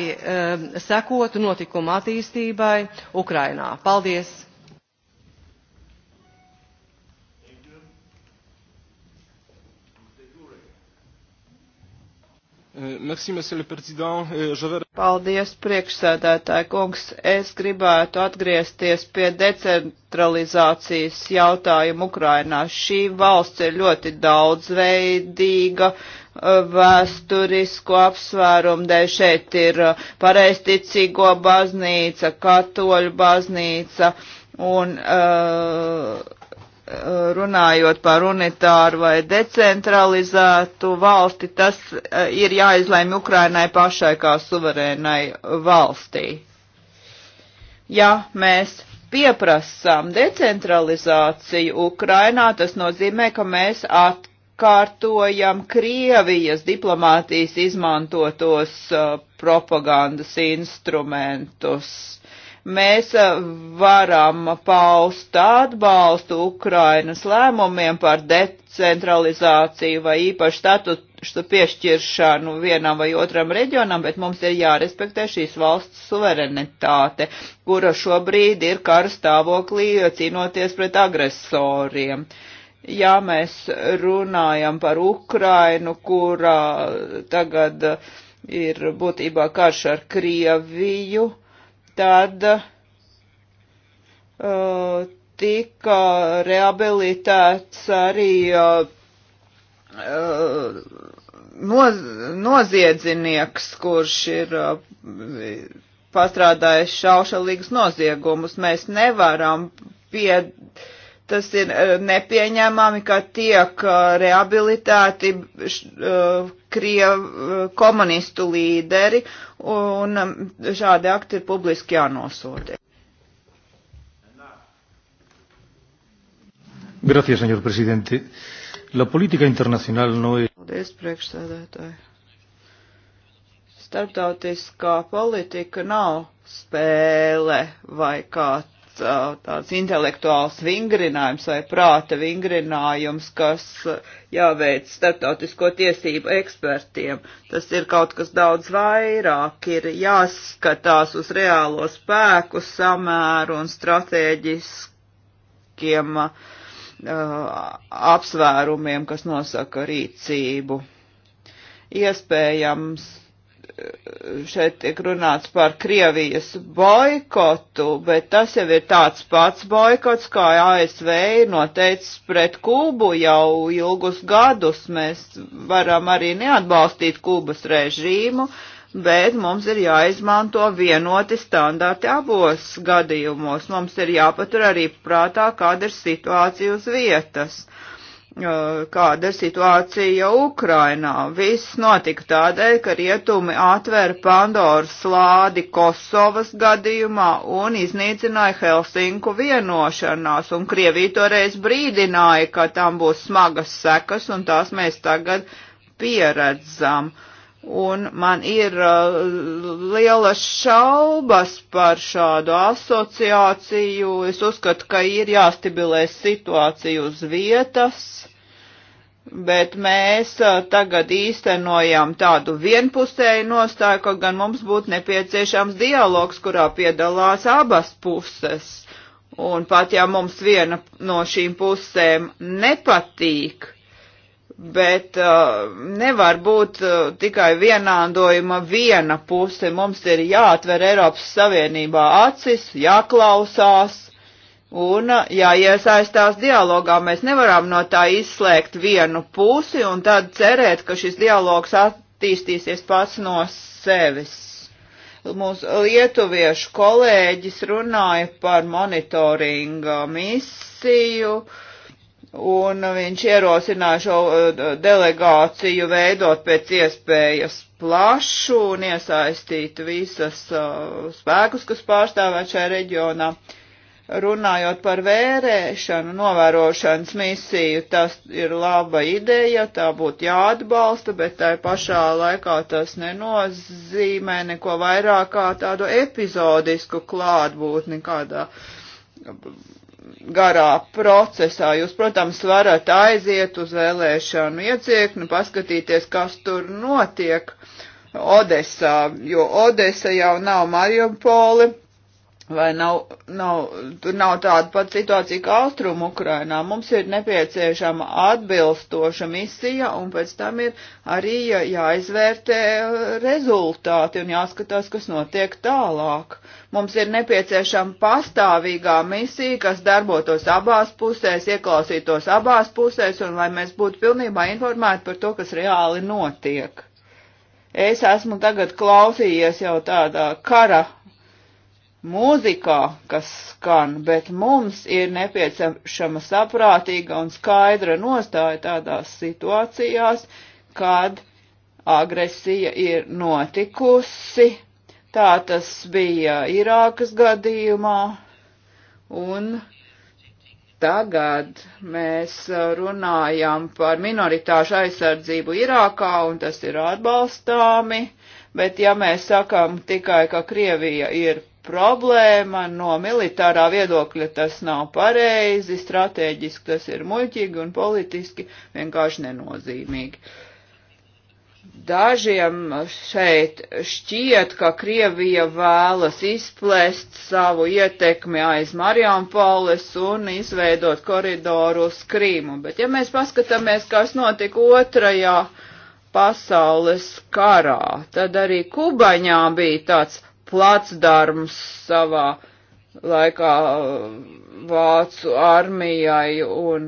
sekotu notikuma attīstībai Ukrainā. Paldies! Eh, merci, monsieur le président. Eh, Paldies, priekšsēdētāji kungs. Es gribētu atgriezties pie decentralizācijas jautājuma Ukrainā. Šī valsts ir ļoti daudzveidīga eh, vēsturisku apsvērumu dēļ. Šeit ir pareisticīgo baznīca, katoļu baznīca un. Uh, runājot par unitāru vai decentralizētu valsti, tas e, ir jāizlēma Ukrainai pašai kā suverēnai valstī. Ja mēs pieprasām decentralizāciju Ukrainā, tas nozīmē, ka mēs atkārtojam Krievijas diplomātijas izmantotos e, propagandas instrumentus. Uh, mēs eh, varam paust atbalstu Ukrainas lēmumiem par decentralizāciju vai īpašu statusu piešķiršanu vienam vai otram reģionam, bet mums ir jārespektē šīs valsts suverenitāte, kura šobrīd ir kara stāvoklī cīnoties pret agresoriem ja mēs runājam par Ukrainu, kurā tagad ir būtībā karš ar Krieviju, tad uh, tika rehabilitēts arī uh, uh, noz, noziedznieks, kurš ir uh, pastrādājis šaušalīgus noziegumus. Mēs nevaram pie, uh, tas ir eh, nepieņēmami, ka tiek eh, rehabilitēti eh, kriev komunistu līderi, un mm, šādi akti ir publiski jānosoda. Gracias, señor presidente. La política internacional no es. Paldies, priekšsēdētāji. Starptautiskā politika nav spēle vai kā tāds intelektuāls vingrinājums vai prāta vingrinājums, kas jāveic starptautisko tiesību ekspertiem. Tas ir kaut kas daudz vairāk, ir jāskatās uz reālo spēku samēru un strateģiskiem uh, apsvērumiem, kas nosaka rīcību. Iespējams, šeit tiek runāts par Krievijas boikotu, bet tas jau ir tāds pats boikots, kā ASV ir noteicis pret Kubu jau ilgus gadus. Mēs varam arī neatbalstīt Kubas režīmu, bet mums ir jāizmanto vienoti standarti abos gadījumos. Mums ir jāpatur arī prātā, kāda ir situācija uz vietas. Uh, kāda ir situācija Ukrainā. Viss notika tādēļ, ka rietumi atvēra Pandoras slādi Kosovas gadījumā un iznīcināja Helsinku vienošanās, un Krievija toreiz brīdināja, ka tam būs smagas sekas, un tās mēs tagad pieredzam. Uh, Un man ir uh, lielas šaubas par šādu asociāciju. Es uzskatu, ka ir jāstabilē situācija uz vietas, bet mēs uh, tagad īstenojam tādu vienpusēju nostāju, ka gan mums būtu nepieciešams dialogs, kurā piedalās abas puses. Un pat ja mums viena no šīm pusēm nepatīk, bet uh, nevar būt uh, tikai vienādojuma viena puse. Mums ir jāatver Eiropas Savienībā acis, jāklausās un uh, jāiesaistās dialogā. Mēs nevaram no tā izslēgt vienu pusi un tad cerēt, ka šis dialogs attīstīsies pats no sevis. Mūsu lietuviešu kolēģis runāja par monitoringa misiju. Uh, un viņš ierosināja šo eh, delegāciju veidot pēc iespējas plašu un iesaistīt visas uh, spēkus, kas pārstāvē šajā reģionā. Runājot par vērēšanu, novērošanas misiju, tas ir laba ideja, tā būtu jāatbalsta, bet tai pašā laikā tas nenozīmē neko vairāk kā tādu epizodisku klātbūtni kādā garā procesā. Jūs, protams, varat aiziet uz vēlēšanu iecirkni, paskatīties, kas tur notiek Odesā, jo Odesa jau nav Mariupoli, Vai nav, nav, tur nav tāda pat situācija kā Austrum Ukrainā. Mums ir nepieciešama atbilstoša misija, un pēc tam ir arī jāizvērtē rezultāti un jāskatās, kas notiek tālāk. Mums ir nepieciešama pastāvīgā misija, kas darbotos abās pusēs, ieklausītos abās pusēs, un lai mēs būtu pilnībā informēti par to, kas reāli notiek. Es esmu tagad klausījies jau tādā kara mūzikā, kas skan, bet mums ir nepieciešama saprātīga un skaidra nostāja tādās situācijās, kad agresija ir notikusi. Tā tas bija Irākas gadījumā, un tagad mēs runājam par minoritāšu aizsardzību Irākā, un tas ir atbalstāmi, bet ja mēs sakam tikai, ka Krievija ir problēma, no militārā viedokļa tas nav pareizi, strateģiski tas ir muļķīgi un politiski vienkārši nenozīmīgi. Dažiem šeit šķiet, ka Krievija vēlas izplēst savu ietekmi aiz Marijampaules un izveidot koridoru uz Krīmu, bet ja mēs paskatāmies, kas notika otrajā pasaules karā, tad arī Kubaņā bija tāds placdarms savā laikā uh, vācu armijai un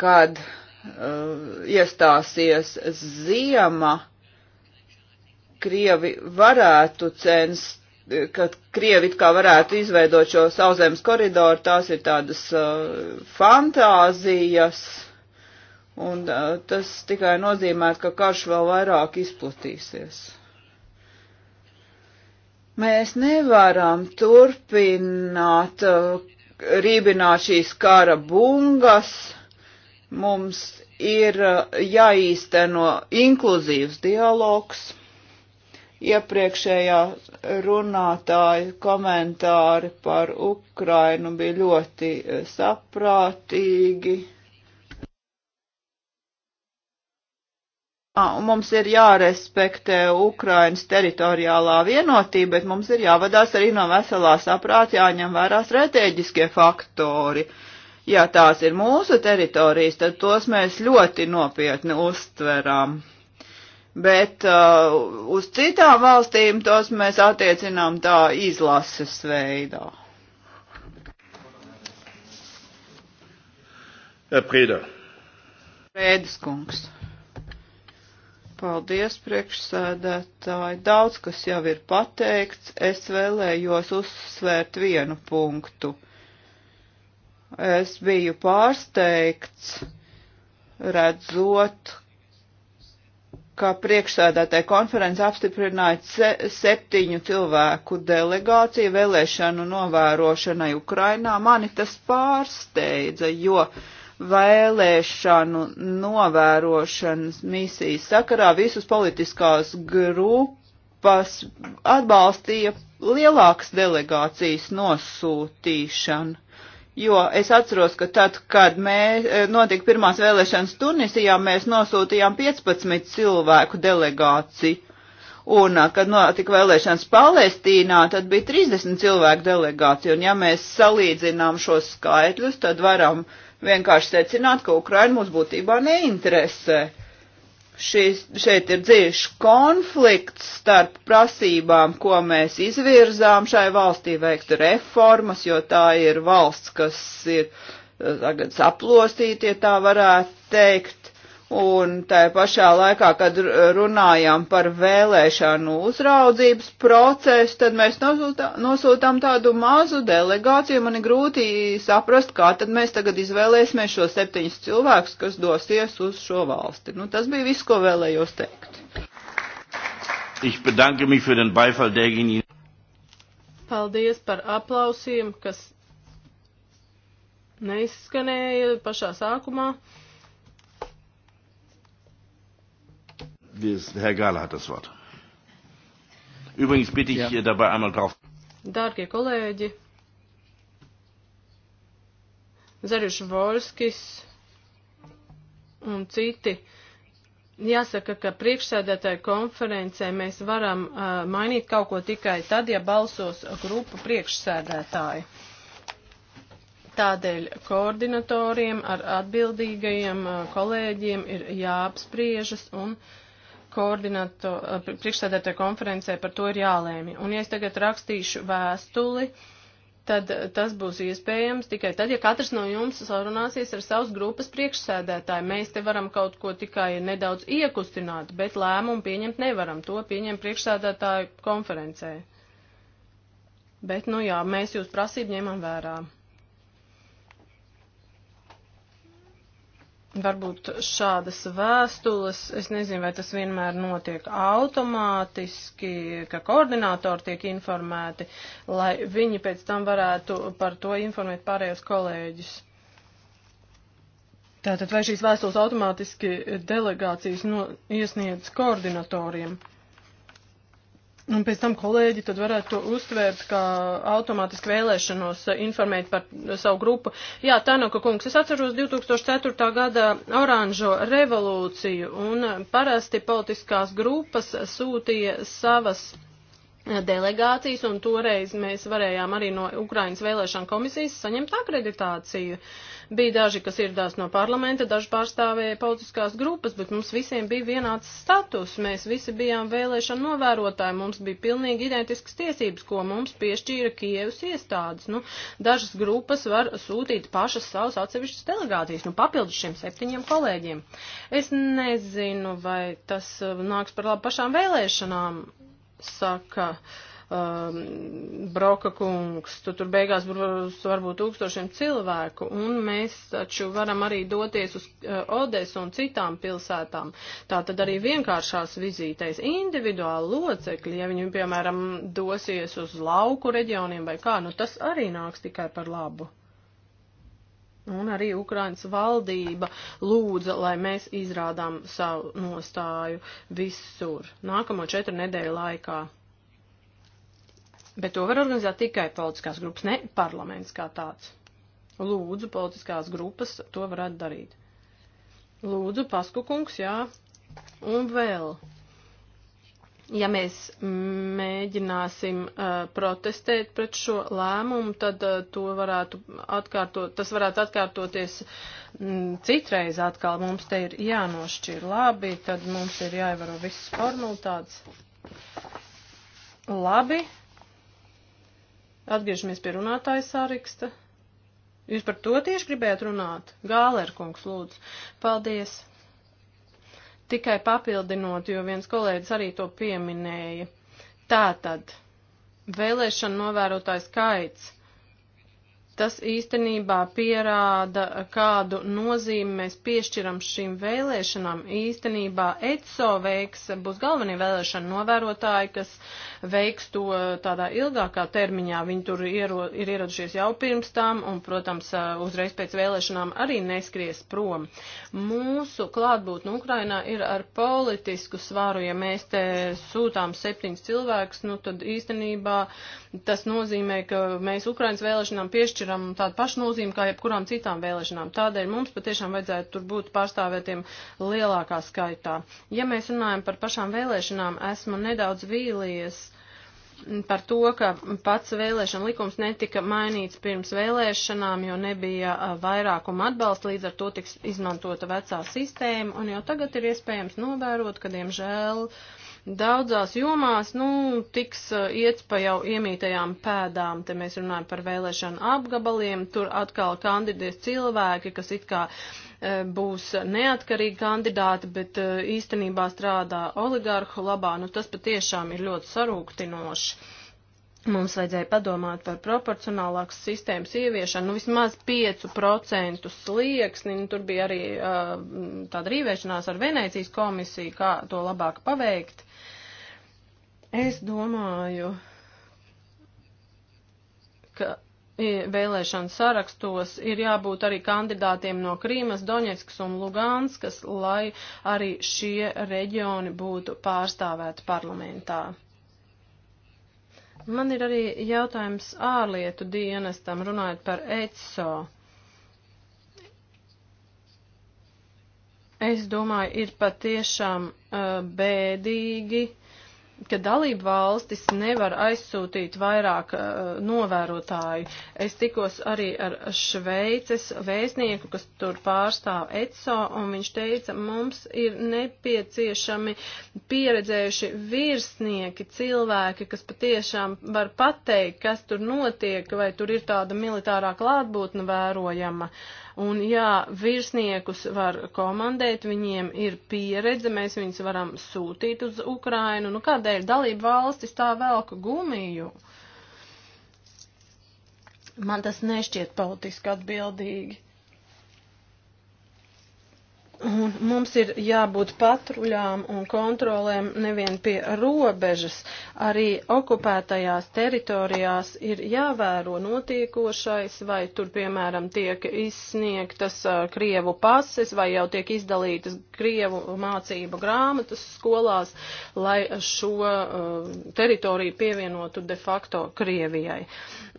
kad uh, iestāsies ziema, Krievi varētu censt, kad Krievi it kā varētu izveidot šo sauzemes koridoru, tās ir tādas uh, fantāzijas, un uh, tas tikai nozīmē, ka karš vēl vairāk izplatīsies. Mēs nevaram turpināt uh, rībināt šīs kara bungas. Mums ir uh, jāīsteno inkluzīvs dialogs. Iepriekšējā runātāja komentāri par Ukrainu bija ļoti uh, saprātīgi. Ah, mums ir jārespektē Ukrainas teritoriālā vienotība, bet mums ir jāvadās arī no veselā saprāta, jāņem vērā strateģiskie faktori. Ja tās ir mūsu teritorijas, tad tos mēs ļoti nopietni uztveram. Bet uh, uz citām valstīm tos mēs attiecinām tā izlases veidā. Prēda. Prēdas kungs. Paldies, priekšsēdētāji. Daudz, kas jau ir pateikts, es vēlējos uzsvērt vienu punktu. Es biju pārsteigts, redzot, ka priekšsēdētāja konference apstiprināja se septiņu cilvēku delegāciju vēlēšanu novērošanai Ukrainā. Mani tas pārsteidza, jo. Uh, vēlēšanu novērošanas misijas sakarā visus politiskās grupas atbalstīja lielākas delegācijas nosūtīšanu. Jo es atceros, ka tad, kad mēs eh, notika pirmās vēlēšanas Tunisijā, mēs nosūtījām 15 cilvēku delegāciju. Un, kad notika vēlēšanas Palestīnā, tad bija 30 cilvēku delegācija. Un, ja mēs salīdzinām šos skaitļus, tad varam uh, vienkārši secināt, ka Ukraina mūs būtībā neinteresē. Šis, šeit ir dzīves konflikts starp prasībām, ko mēs izvirzām šai valstī veikt reformas, jo tā ir valsts, kas ir eh, tagad saplostīti, ja tā varētu teikt, Un tā pašā laikā, kad runājām par vēlēšanu uzraudzības procesu, tad mēs nosūtā, nosūtām tādu mazu delegāciju. Man ir grūti saprast, kā tad mēs tagad izvēlēsimies šo septiņus cilvēkus, kas dosies uz šo valsti. Nu, tas bija viss, ko vēlējos teikt. Paldies par aplausiem, kas neizskanēja pašā sākumā. Herr Gala hat das Wort. Übrigens bitte ich ja. dabei einmal drauf. Dārgie kolēģi, Zariš Volskis un citi. Jāsaka, ka priekšsēdētāju konferencē mēs varam uh, mainīt kaut ko tikai tad, ja balsos grupu priekšsēdētāji. Tādēļ koordinatoriem ar atbildīgajiem uh, kolēģiem ir jāapspriežas un uh, Eh, priekšsēdētāja konferencē par to ir jālēmi. Un ja es tagad rakstīšu vēstuli, tad eh, tas būs iespējams tikai tad, ja katrs no jums sarunāsies ar savas grupas priekšsēdētāju. Mēs te varam kaut ko tikai nedaudz iekustināt, bet lēmumu pieņemt nevaram. To pieņem priekšsēdētāju konferencē. Bet, nu jā, mēs jūs prasību ņemam vērā. varbūt šādas vēstules, es nezinu, vai tas vienmēr notiek automātiski, ka koordinātori tiek informēti, lai viņi pēc tam varētu par to informēt pārējos kolēģus. Tātad vai šīs vēstules automātiski delegācijas no, iesniedz koordinatoriem? Un pēc tam kolēģi tad varētu to uztvērt kā automātiski vēlēšanos informēt par savu grupu. Jā, Tanoka kungs, es atceros 2004. gada oranžo revolūciju un parasti politiskās grupas sūtīja savas delegācijas un toreiz mēs varējām arī no Ukrainas vēlēšana komisijas saņemt akreditāciju. Uh, Bija daži, kas ieradās no parlamenta, daži pārstāvēja politiskās grupas, bet mums visiem bija vienāds status. Mēs visi bijām vēlēšana novērotāji, mums bija pilnīgi identiskas tiesības, ko mums piešķīra Kievas iestādes. Nu, dažas grupas var sūtīt pašas savus atsevišķas delegācijas, nu, papildus šiem septiņiem kolēģiem. Es nezinu, vai tas uh, nāks par labu pašām vēlēšanām, saka. Uh, um, Broka kungs, tu tur beigās būs varbūt tūkstošiem cilvēku, un mēs taču varam arī doties uz uh, Odesu un citām pilsētām. Tā tad arī vienkāršās vizītēs individuāli locekļi, ja viņi, piemēram, dosies uz lauku reģioniem vai kā, nu tas arī nāks tikai par labu. Un arī Ukrainas valdība lūdza, lai mēs izrādām savu nostāju visur nākamo četru nedēļu laikā. Bet to var organizēt tikai politiskās grupas, ne parlaments kā tāds. Lūdzu, politiskās grupas to varētu darīt. Lūdzu, paskukungs, jā. Un vēl. Ja mēs mēģināsim uh, protestēt pret šo lēmumu, tad uh, to varētu atkārtot, tas varētu atkārtoties mm, citreiz atkal. Mums te ir jānošķir labi, tad mums ir jāievaro visas formultātes. Labi, Atgriežamies pie runātāja sāriksta. Jūs par to tieši gribējāt runāt? Gālēr kungs, lūdzu. Paldies. Tikai papildinot, jo viens kolēģis arī to pieminēja. Tātad, vēlēšana novērotāja skaits Tas īstenībā pierāda, kādu nozīmi mēs piešķiram šīm vēlēšanām. Īstenībā ECO veiks, būs galvenie vēlēšana novērotāji, kas veiks to uh, tādā ilgākā termiņā. Viņi tur iero, ir ieradušies jau pirms tam un, protams, uh, uzreiz pēc vēlēšanām arī neskries prom. Mūsu klātbūtne Ukrainā ir ar politisku svaru. Ja mēs te sūtām septiņus cilvēkus, nu tad īstenībā tas nozīmē, ka mēs Ukrainas vēlēšanām piešķiram piešķiram tādu pašu nozīmi kā jebkurām citām vēlēšanām. Tādēļ mums patiešām vajadzētu tur būt pārstāvētiem lielākā skaitā. Ja mēs runājam par pašām vēlēšanām, esmu nedaudz vīlies par to, ka pats vēlēšana likums netika mainīts pirms vēlēšanām, jo nebija vairākuma atbalsta, līdz ar to tiks izmantota vecā sistēma, un jau tagad ir iespējams novērot, ka, diemžēl, uh, Daudzās jomās, nu, tiks eh, iet pa jau iemītajām pēdām, te mēs runājam par vēlēšanu apgabaliem, tur atkal kandidēs cilvēki, kas it kā eh, būs neatkarīgi kandidāti, bet eh, īstenībā strādā oligārhu labā, nu tas patiešām ir ļoti sarūktinoši. Mums vajadzēja padomāt par proporcionālākas sistēmas ieviešanu, nu vismaz 5% slieksni, nu, tur bija arī uh, tāda rīvēšanās ar Venēcijas komisiju, kā to labāk paveikt. Es domāju, ka vēlēšanu sarakstos ir jābūt arī kandidātiem no Krīmas, Doņetskas un Lugānskas, lai arī šie reģioni būtu pārstāvēti parlamentā. Man ir arī jautājums ārlietu dienestam, runājot par ECO. Es domāju, ir patiešām uh, bēdīgi ka dalību valstis nevar aizsūtīt vairāk uh, novērotāju. Es tikos arī ar Šveices vēstnieku, kas tur pārstāv ECO, un viņš teica, mums ir nepieciešami pieredzējuši virsnieki, cilvēki, kas patiešām var pateikt, kas tur notiek, vai tur ir tāda militārā klātbūtne vērojama. Uh, Un jā, virsniekus var komandēt, viņiem ir pieredze, mēs viņus varam sūtīt uz Ukrainu. Nu kādēļ dalību valstis tā velka gumiju? Man tas nešķiet politiski atbildīgi. Un mums ir jābūt patruļām un kontrolēm nevien pie robežas, arī okupētajās teritorijās ir jāvēro notiekošais, vai tur, piemēram, tiek izsniegtas Krievu pases, vai jau tiek izdalītas Krievu mācību grāmatas skolās, lai šo teritoriju pievienotu de facto Krievijai.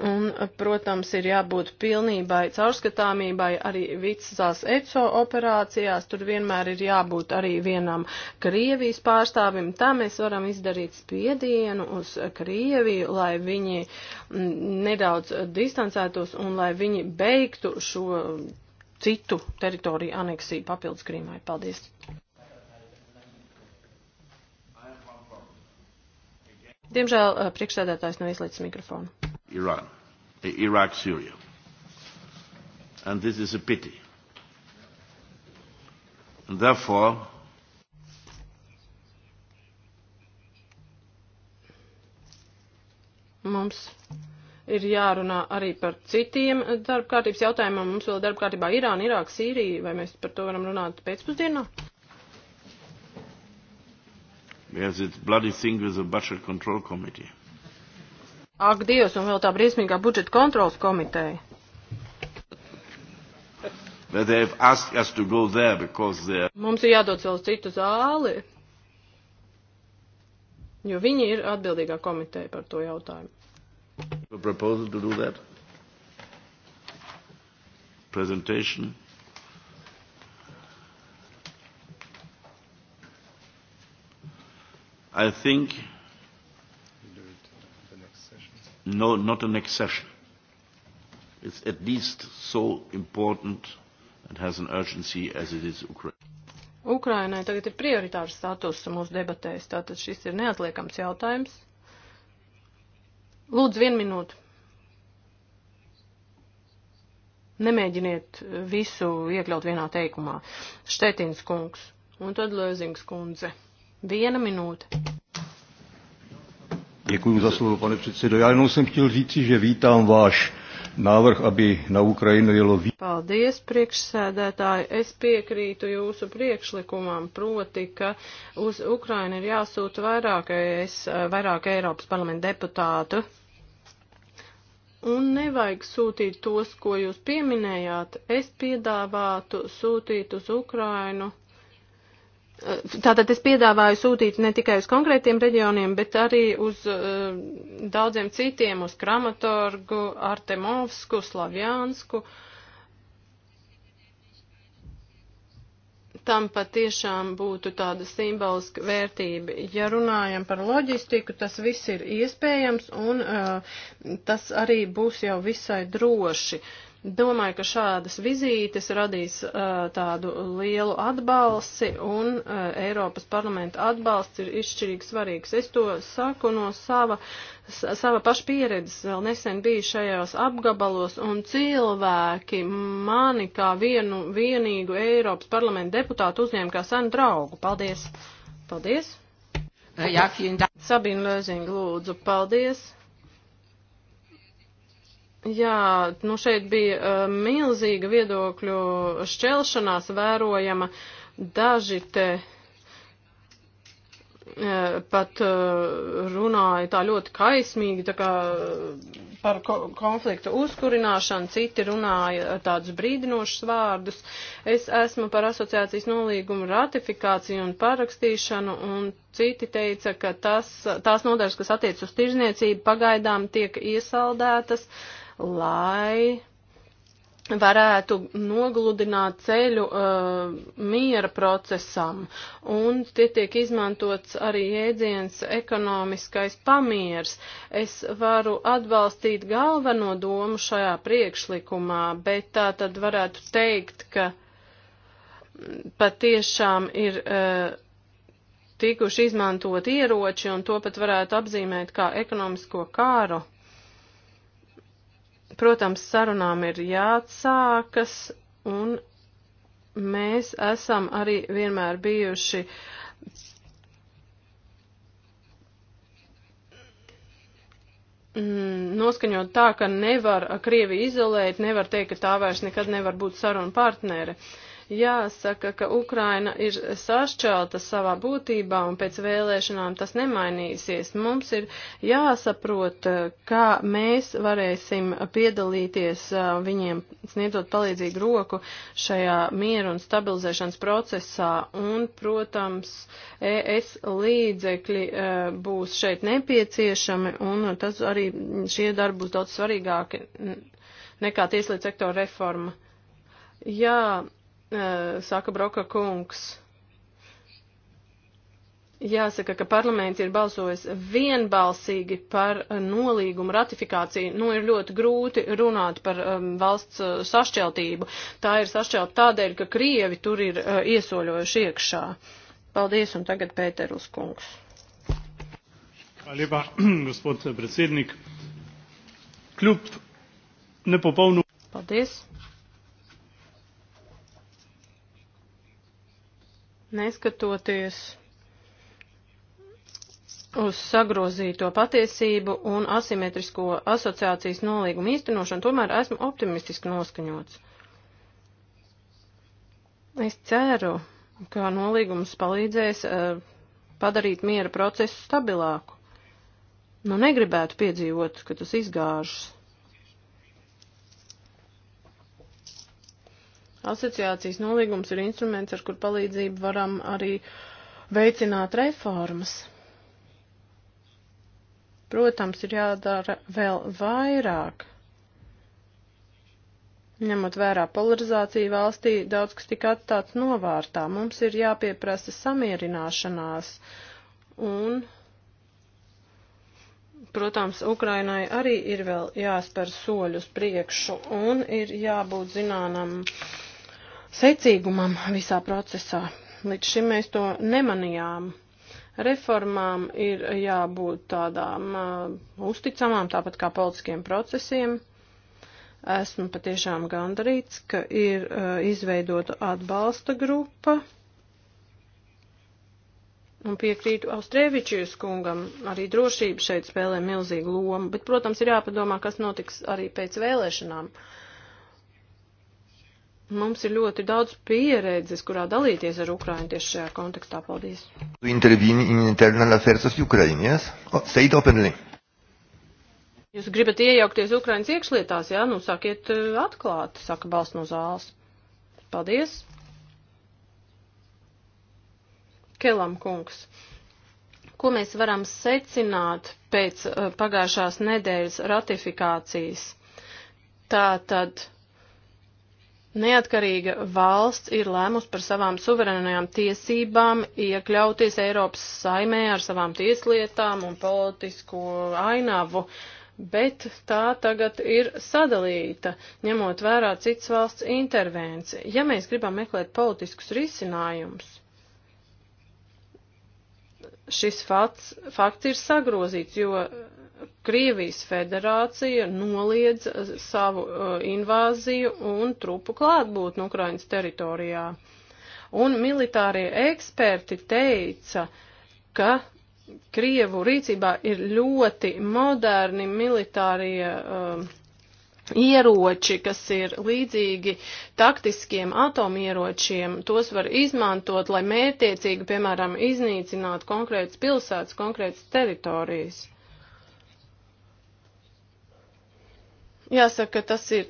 Un, protams, ir jābūt pilnībai caurskatāmībai arī vicās ECO operācijās tur vienmēr ir jābūt arī vienam Krievijas pārstāvim. Tā mēs varam izdarīt spiedienu uz Krieviju, lai viņi mm, nedaudz distancētos un lai viņi beigtu šo citu teritoriju aneksiju papildus Krīmai. Paldies! Diemžēl eh, priekšsēdētājs nav ieslēdzis mikrofonu. Irāna, Irāk, Sīrija. And this is a pity. And therefore, mums ir jārunā arī par citiem darbkārtības jautājumiem. Mums vēl darbkārtībā Irāna, Irāka, Sīrija, vai mēs par to varam runāt pēcpusdienā? Yes, it's bloody thing with the budget control committee. Ak, Dievs, un vēl tā briesmīgā budžeta kontrols komiteja. They've asked us to go there because they are... Mums ir jādod vēl citu zāli, jo viņi ir atbildīgā komiteja par to jautājumu. A proposal to do that? Presentation? I think no, not the next session. It's at least so important and has an urgency as it is Ukraine. Ukrainai tagad ir prioritārs status mūsu debatēs, tātad šis ir neatliekams jautājums. Lūdzu, vienu minūtu. Nemēģiniet visu iekļaut vienā teikumā. Štetins kungs un tad Lēzings kundze. Viena minūte. Děkuji za slovo, pane předsedo. Já jenom jsem chtěl říci, že vítám váš návrh, aby na Ukrainu ielo. Paldies, priekšsēdētāji. Es piekrītu jūsu priekšlikumam, proti, ka uz Ukrainu ir jāsūta vairāk, es, vairāk Eiropas parlamenta deputātu. Un nevajag sūtīt tos, ko jūs pieminējāt. Es piedāvātu sūtīt uz Ukrainu Eh, tātad es piedāvāju sūtīt ne tikai uz konkrētiem reģioniem, bet arī uz uh, daudziem citiem, uz Kramatorgu, Artemovsku, Slavjānsku. Tam patiešām būtu tāda simboliska vērtība. Ja runājam par loģistiku, tas viss ir iespējams un uh, tas arī būs jau visai droši. Uh, Domāju, ka šādas vizītes radīs uh, tādu lielu atbalsi un uh, Eiropas parlamenta atbalsts ir izšķirīgi svarīgs. Es to saku no sava, sava paša pieredzes. Vēl nesen biju šajos apgabalos un cilvēki mani kā vienu vienīgu Eiropas parlamenta deputātu uzņēma kā senu draugu. Paldies! Paldies! Jā, Sabina Lēziņa, lūdzu, paldies! Jā, nu šeit bija uh, milzīga viedokļu šķelšanās vērojama. Daži te uh, pat uh, runāja tā ļoti kaismīgi tā kā, par ko konfliktu uzkurināšanu, citi runāja tādus brīdinošus vārdus. Es esmu par asociācijas nolīgumu ratifikāciju un parakstīšanu, un citi teica, ka tas, tās nodaļas, kas attiec uz tirzniecību, pagaidām tiek iesaldētas. Uh, lai varētu nogludināt ceļu uh, miera procesam. Un tie tiek izmantots arī jēdziens ekonomiskais pamiers. Es varu atbalstīt galveno domu šajā priekšlikumā, bet tā tad varētu teikt, ka patiešām ir. Uh, tikuši izmantot ieroči, un to pat varētu apzīmēt kā ekonomisko kāru. Protams, sarunām ir jāatsākas, un mēs esam arī vienmēr bijuši mm, noskaņot tā, ka nevar Krievi izolēt, nevar teikt, ka tā vairs nekad nevar būt saruna partnere. Uh, Jāsaka, ka Ukraina ir sašķelta savā būtībā un pēc vēlēšanām tas nemainīsies. Mums ir jāsaprot, kā mēs varēsim piedalīties viņiem sniedzot palīdzīgu roku šajā mieru un stabilizēšanas procesā. Un, protams, ES līdzekļi būs šeit nepieciešami un tas arī šie darbi būs daudz svarīgāki nekā tieslietu sektora reforma. Jā, saka Broka kungs. Jāsaka, ka parlaments ir balsojis vienbalsīgi par nolīgumu ratifikāciju. Nu, ir ļoti grūti runāt par um, valsts uh, sašķeltību. Tā ir sašķelta tādēļ, ka Krievi tur ir uh, iesoļojuši iekšā. Paldies, un tagad Pēterus kungs. Hvala lepa, gospod predsednik. Kljub nepopolnu. Paldies. neskatoties uz sagrozīto patiesību un asimetrisko asociācijas nolīgumu īstenošanu, tomēr esmu optimistiski noskaņots. Es ceru, ka nolīgums palīdzēs uh, padarīt miera procesu stabilāku. Nu, negribētu piedzīvot, ka tas izgāžas. Asociācijas nolīgums ir instruments, ar kur palīdzību varam arī veicināt reformas. Protams, ir jādara vēl vairāk. Ņemot vērā polarizāciju valstī, daudz kas tika atstāts novārtā. Mums ir jāpieprasa samierināšanās un protams, Ukrainai arī ir vēl jāspēr soļus priekšu un ir jābūt zināmam secīgumam visā procesā. Līdz šim mēs to nemanījām. Reformām ir jābūt tādām uh, uzticamām, tāpat kā politiskiem procesiem. Esmu patiešām gandarīts, ka ir uh, izveidota atbalsta grupa. Un piekrītu Austrēvičijas kungam, arī drošība šeit spēlē milzīgu lomu, bet, protams, ir jāpadomā, kas notiks arī pēc vēlēšanām. Uh, Mums ir ļoti daudz pieredzes, kurā dalīties ar Ukrainu tieši šajā kontekstā. Paldies. Tu intervīni in internal affairs of Ukraine, yes? Oh, say it openly. Jūs gribat iejaukties Ukrainas iekšlietās, jā? Nu, sakiet eh, atklāti, saka balsts no zāles. Paldies. Kelam kungs. Ko mēs varam secināt pēc eh, pagājušās nedēļas ratifikācijas? Tā tad Neatkarīga valsts ir lēmusi par savām suverenajām tiesībām iekļauties Eiropas saimē ar savām tieslietām un politisko ainavu, bet tā tagad ir sadalīta, ņemot vērā citas valsts intervenci. Ja mēs gribam meklēt politiskus risinājumus, šis fakts, fakts ir sagrozīts, jo Krievijas federācija noliedz uh, savu uh, invāziju un trupu klātbūtni Ukrainas teritorijā. Un militārie eksperti teica, ka Krievu rīcībā ir ļoti moderni militārie uh, ieroči, kas ir līdzīgi taktiskiem atomieročiem, tos var izmantot, lai mērtiecīgi, piemēram, iznīcinātu konkrētas pilsētas, konkrētas teritorijas. Jāsaka, tas ir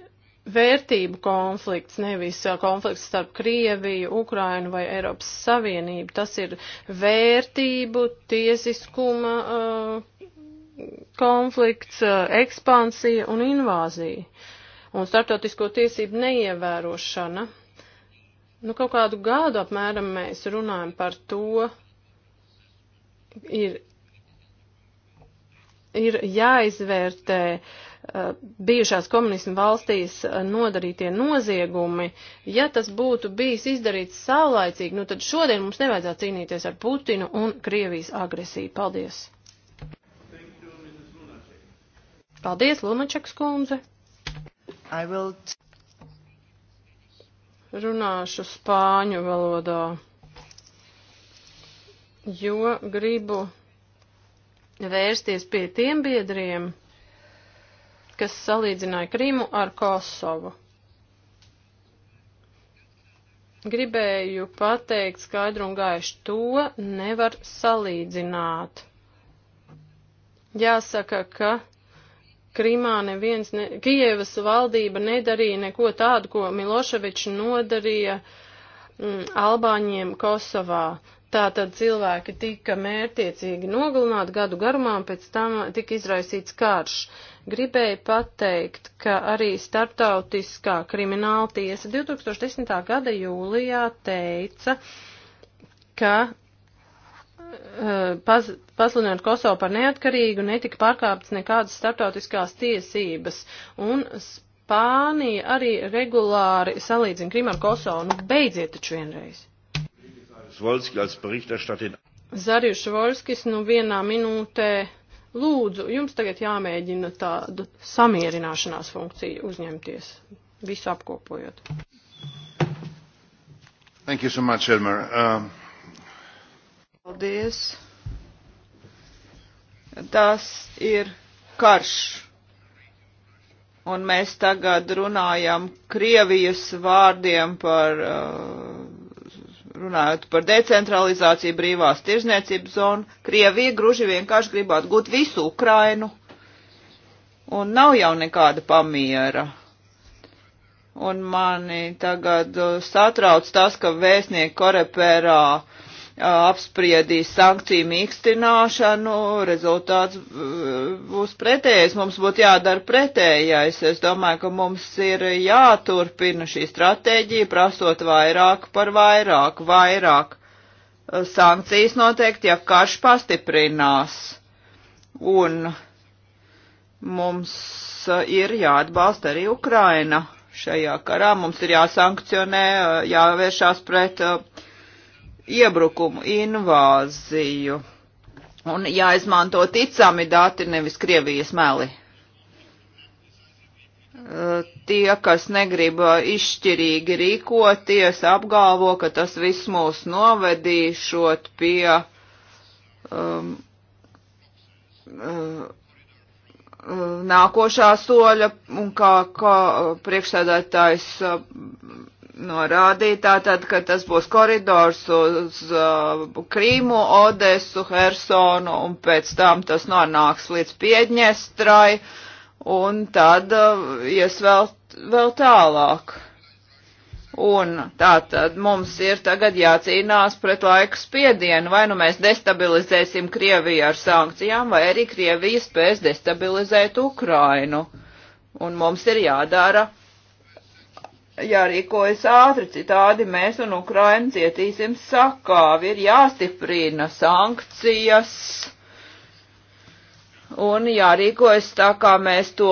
vērtību konflikts, nevis konflikts starp Krieviju, Ukrainu vai Eiropas Savienību. Tas ir vērtību, tiesiskuma uh, konflikts, uh, ekspansija un invāzija. Un starptautisko tiesību neievērošana. Nu, kaut kādu gadu apmēram mēs runājam par to, ir, ir jāizvērtē uh, Eh, bijušās komunismu valstīs eh, nodarītie noziegumi, ja tas būtu bijis izdarīts saulaicīgi, nu tad šodien mums nevajadzētu cīnīties ar Putinu un Krievijas agresiju. Paldies! Paldies, Lunačeks kundze! Will... Runāšu spāņu valodā, jo gribu vērsties pie tiem biedriem, kas salīdzināja Krimu ar Kosovu. Gribēju pateikt skaidru un gaišu, to nevar salīdzināt. Jāsaka, ka Krimā neviens, ne, Kievas valdība nedarīja neko tādu, ko Miloševičs nodarīja mm, Albāņiem Kosovā. Tātad cilvēki tika mērtiecīgi nogalināti gadu garumā, pēc tam tika izraisīts karš. Gribēju pateikt, ka arī starptautiskā krimināla tiesa 2010. gada jūlijā teica, ka eh, paz, pasludinot Kosovu par neatkarīgu, netika pārkāptas nekādas starptautiskās tiesības. Un Spānija arī regulāri salīdzina Krimu ar Kosovu. Nu, beidziet taču vienreiz! Zvolski als Berichterstattin. Zarius Volskis, nu vienā minūtē lūdzu, jums tagad jāmēģina tādu samierināšanās funkciju uzņemties, visu apkopojot. Thank you so much, Elmer. Um... Paldies. Tas ir karš. Un mēs tagad runājam Krievijas vārdiem par uh, runājot par decentralizāciju brīvās tirzniecības zonu, Krievija gruži vienkārši gribētu gūt visu Ukrainu, un nav jau nekāda pamiera. Un mani tagad uh, satrauc tas, ka vēstnieku korepērā apspriedīs sankciju mīkstināšanu, rezultāts būs pretējais. Mums būtu jādara pretējais. Es domāju, ka mums ir jāturpina šī stratēģija, prasot vairāk par vairāk, vairāk. Eh, sankcijas noteikti, ja karš pastiprinās. Un mums eh, ir jāatbalsta arī Ukraina šajā karā. Mums ir jāsankcionē, eh, jāvēršās pret iebrukumu, invāziju. Un jāizmanto ticami dati, nevis Krievijas meli. Eh, tie, kas negrib eh, izšķirīgi rīkoties, apgalvo, ka tas viss mūs novedīšot pie um, um nākošā soļa, un kā, kā priekšsēdētājs norādīt, tātad, ka tas būs koridors uz uh, Krīmu, Odesu, Hersonu un pēc tam tas nonāks līdz Piedņestrai un tad uh, ies vēl, vēl tālāk. Un tātad mums ir tagad jācīnās pret laika spiedienu, vai nu mēs destabilizēsim Krieviju ar sankcijām, vai arī Krievija spēs destabilizēt Ukrainu. Un mums ir jādara jārīkojas ātri, citādi mēs un Ukraina cietīsim sakāvi, ir jāstiprina sankcijas un jārīkojas tā, kā mēs to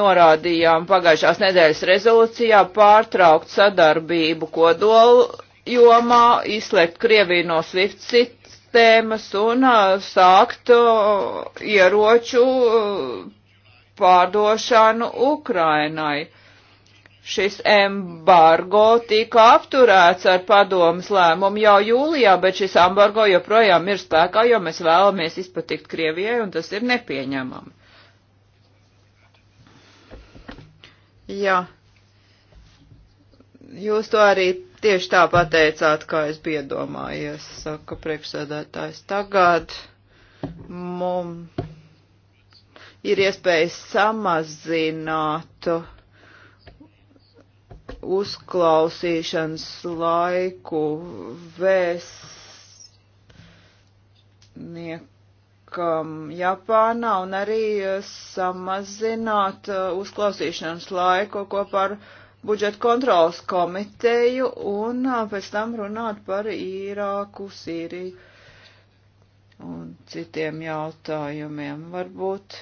norādījām pagājušās nedēļas rezolūcijā, pārtraukt sadarbību kodolu jomā, izslēgt Krieviju no SWIFT sistēmas un sākt ieroču pārdošanu Ukrainai šis embargo tika apturēts ar padomas lēmumu jau jūlijā, bet šis embargo joprojām ir spēkā, jo mēs vēlamies izpatikt Krievijai, un tas ir nepieņemami. Jā. Jūs to arī tieši tā pateicāt, kā es biju domājies, saka priekšsēdētājs. Tagad mums ir iespējas samazināt uh, uzklausīšanas laiku vēstniekam Japānā un arī e, samazināt e, uzklausīšanas laiku kopā ar budžeta kontrolas komiteju un e, pēc tam runāt par Īrāku, Sīriju un citiem jautājumiem. Varbūt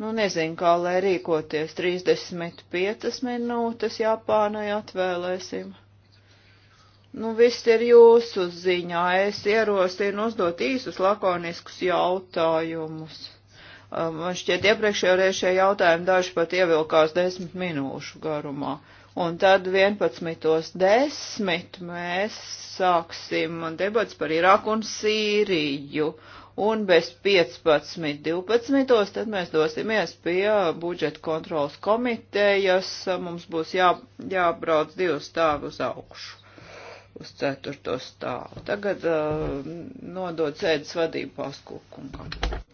Nu, nezinu, kā lai rīkoties. 35 minūtes Japānai atvēlēsim. Nu, viss ir jūsu ziņā. Es ierosinu uzdot īsus lakoniskus jautājumus. Man šķiet, iepriekšējā reizē šie jautājumi daži pat ievilkās desmit minūšu garumā. Un tad 11.10 mēs sāksim debats par Iraku un Sīriju un bez 15.12. tad mēs dosimies pie budžeta kontrolas komitejas. Mums būs jā, jābrauc divus stāvus uz augšu, uz ceturto stāvu. Tagad uh, nodod sēdes vadību paskūkungam.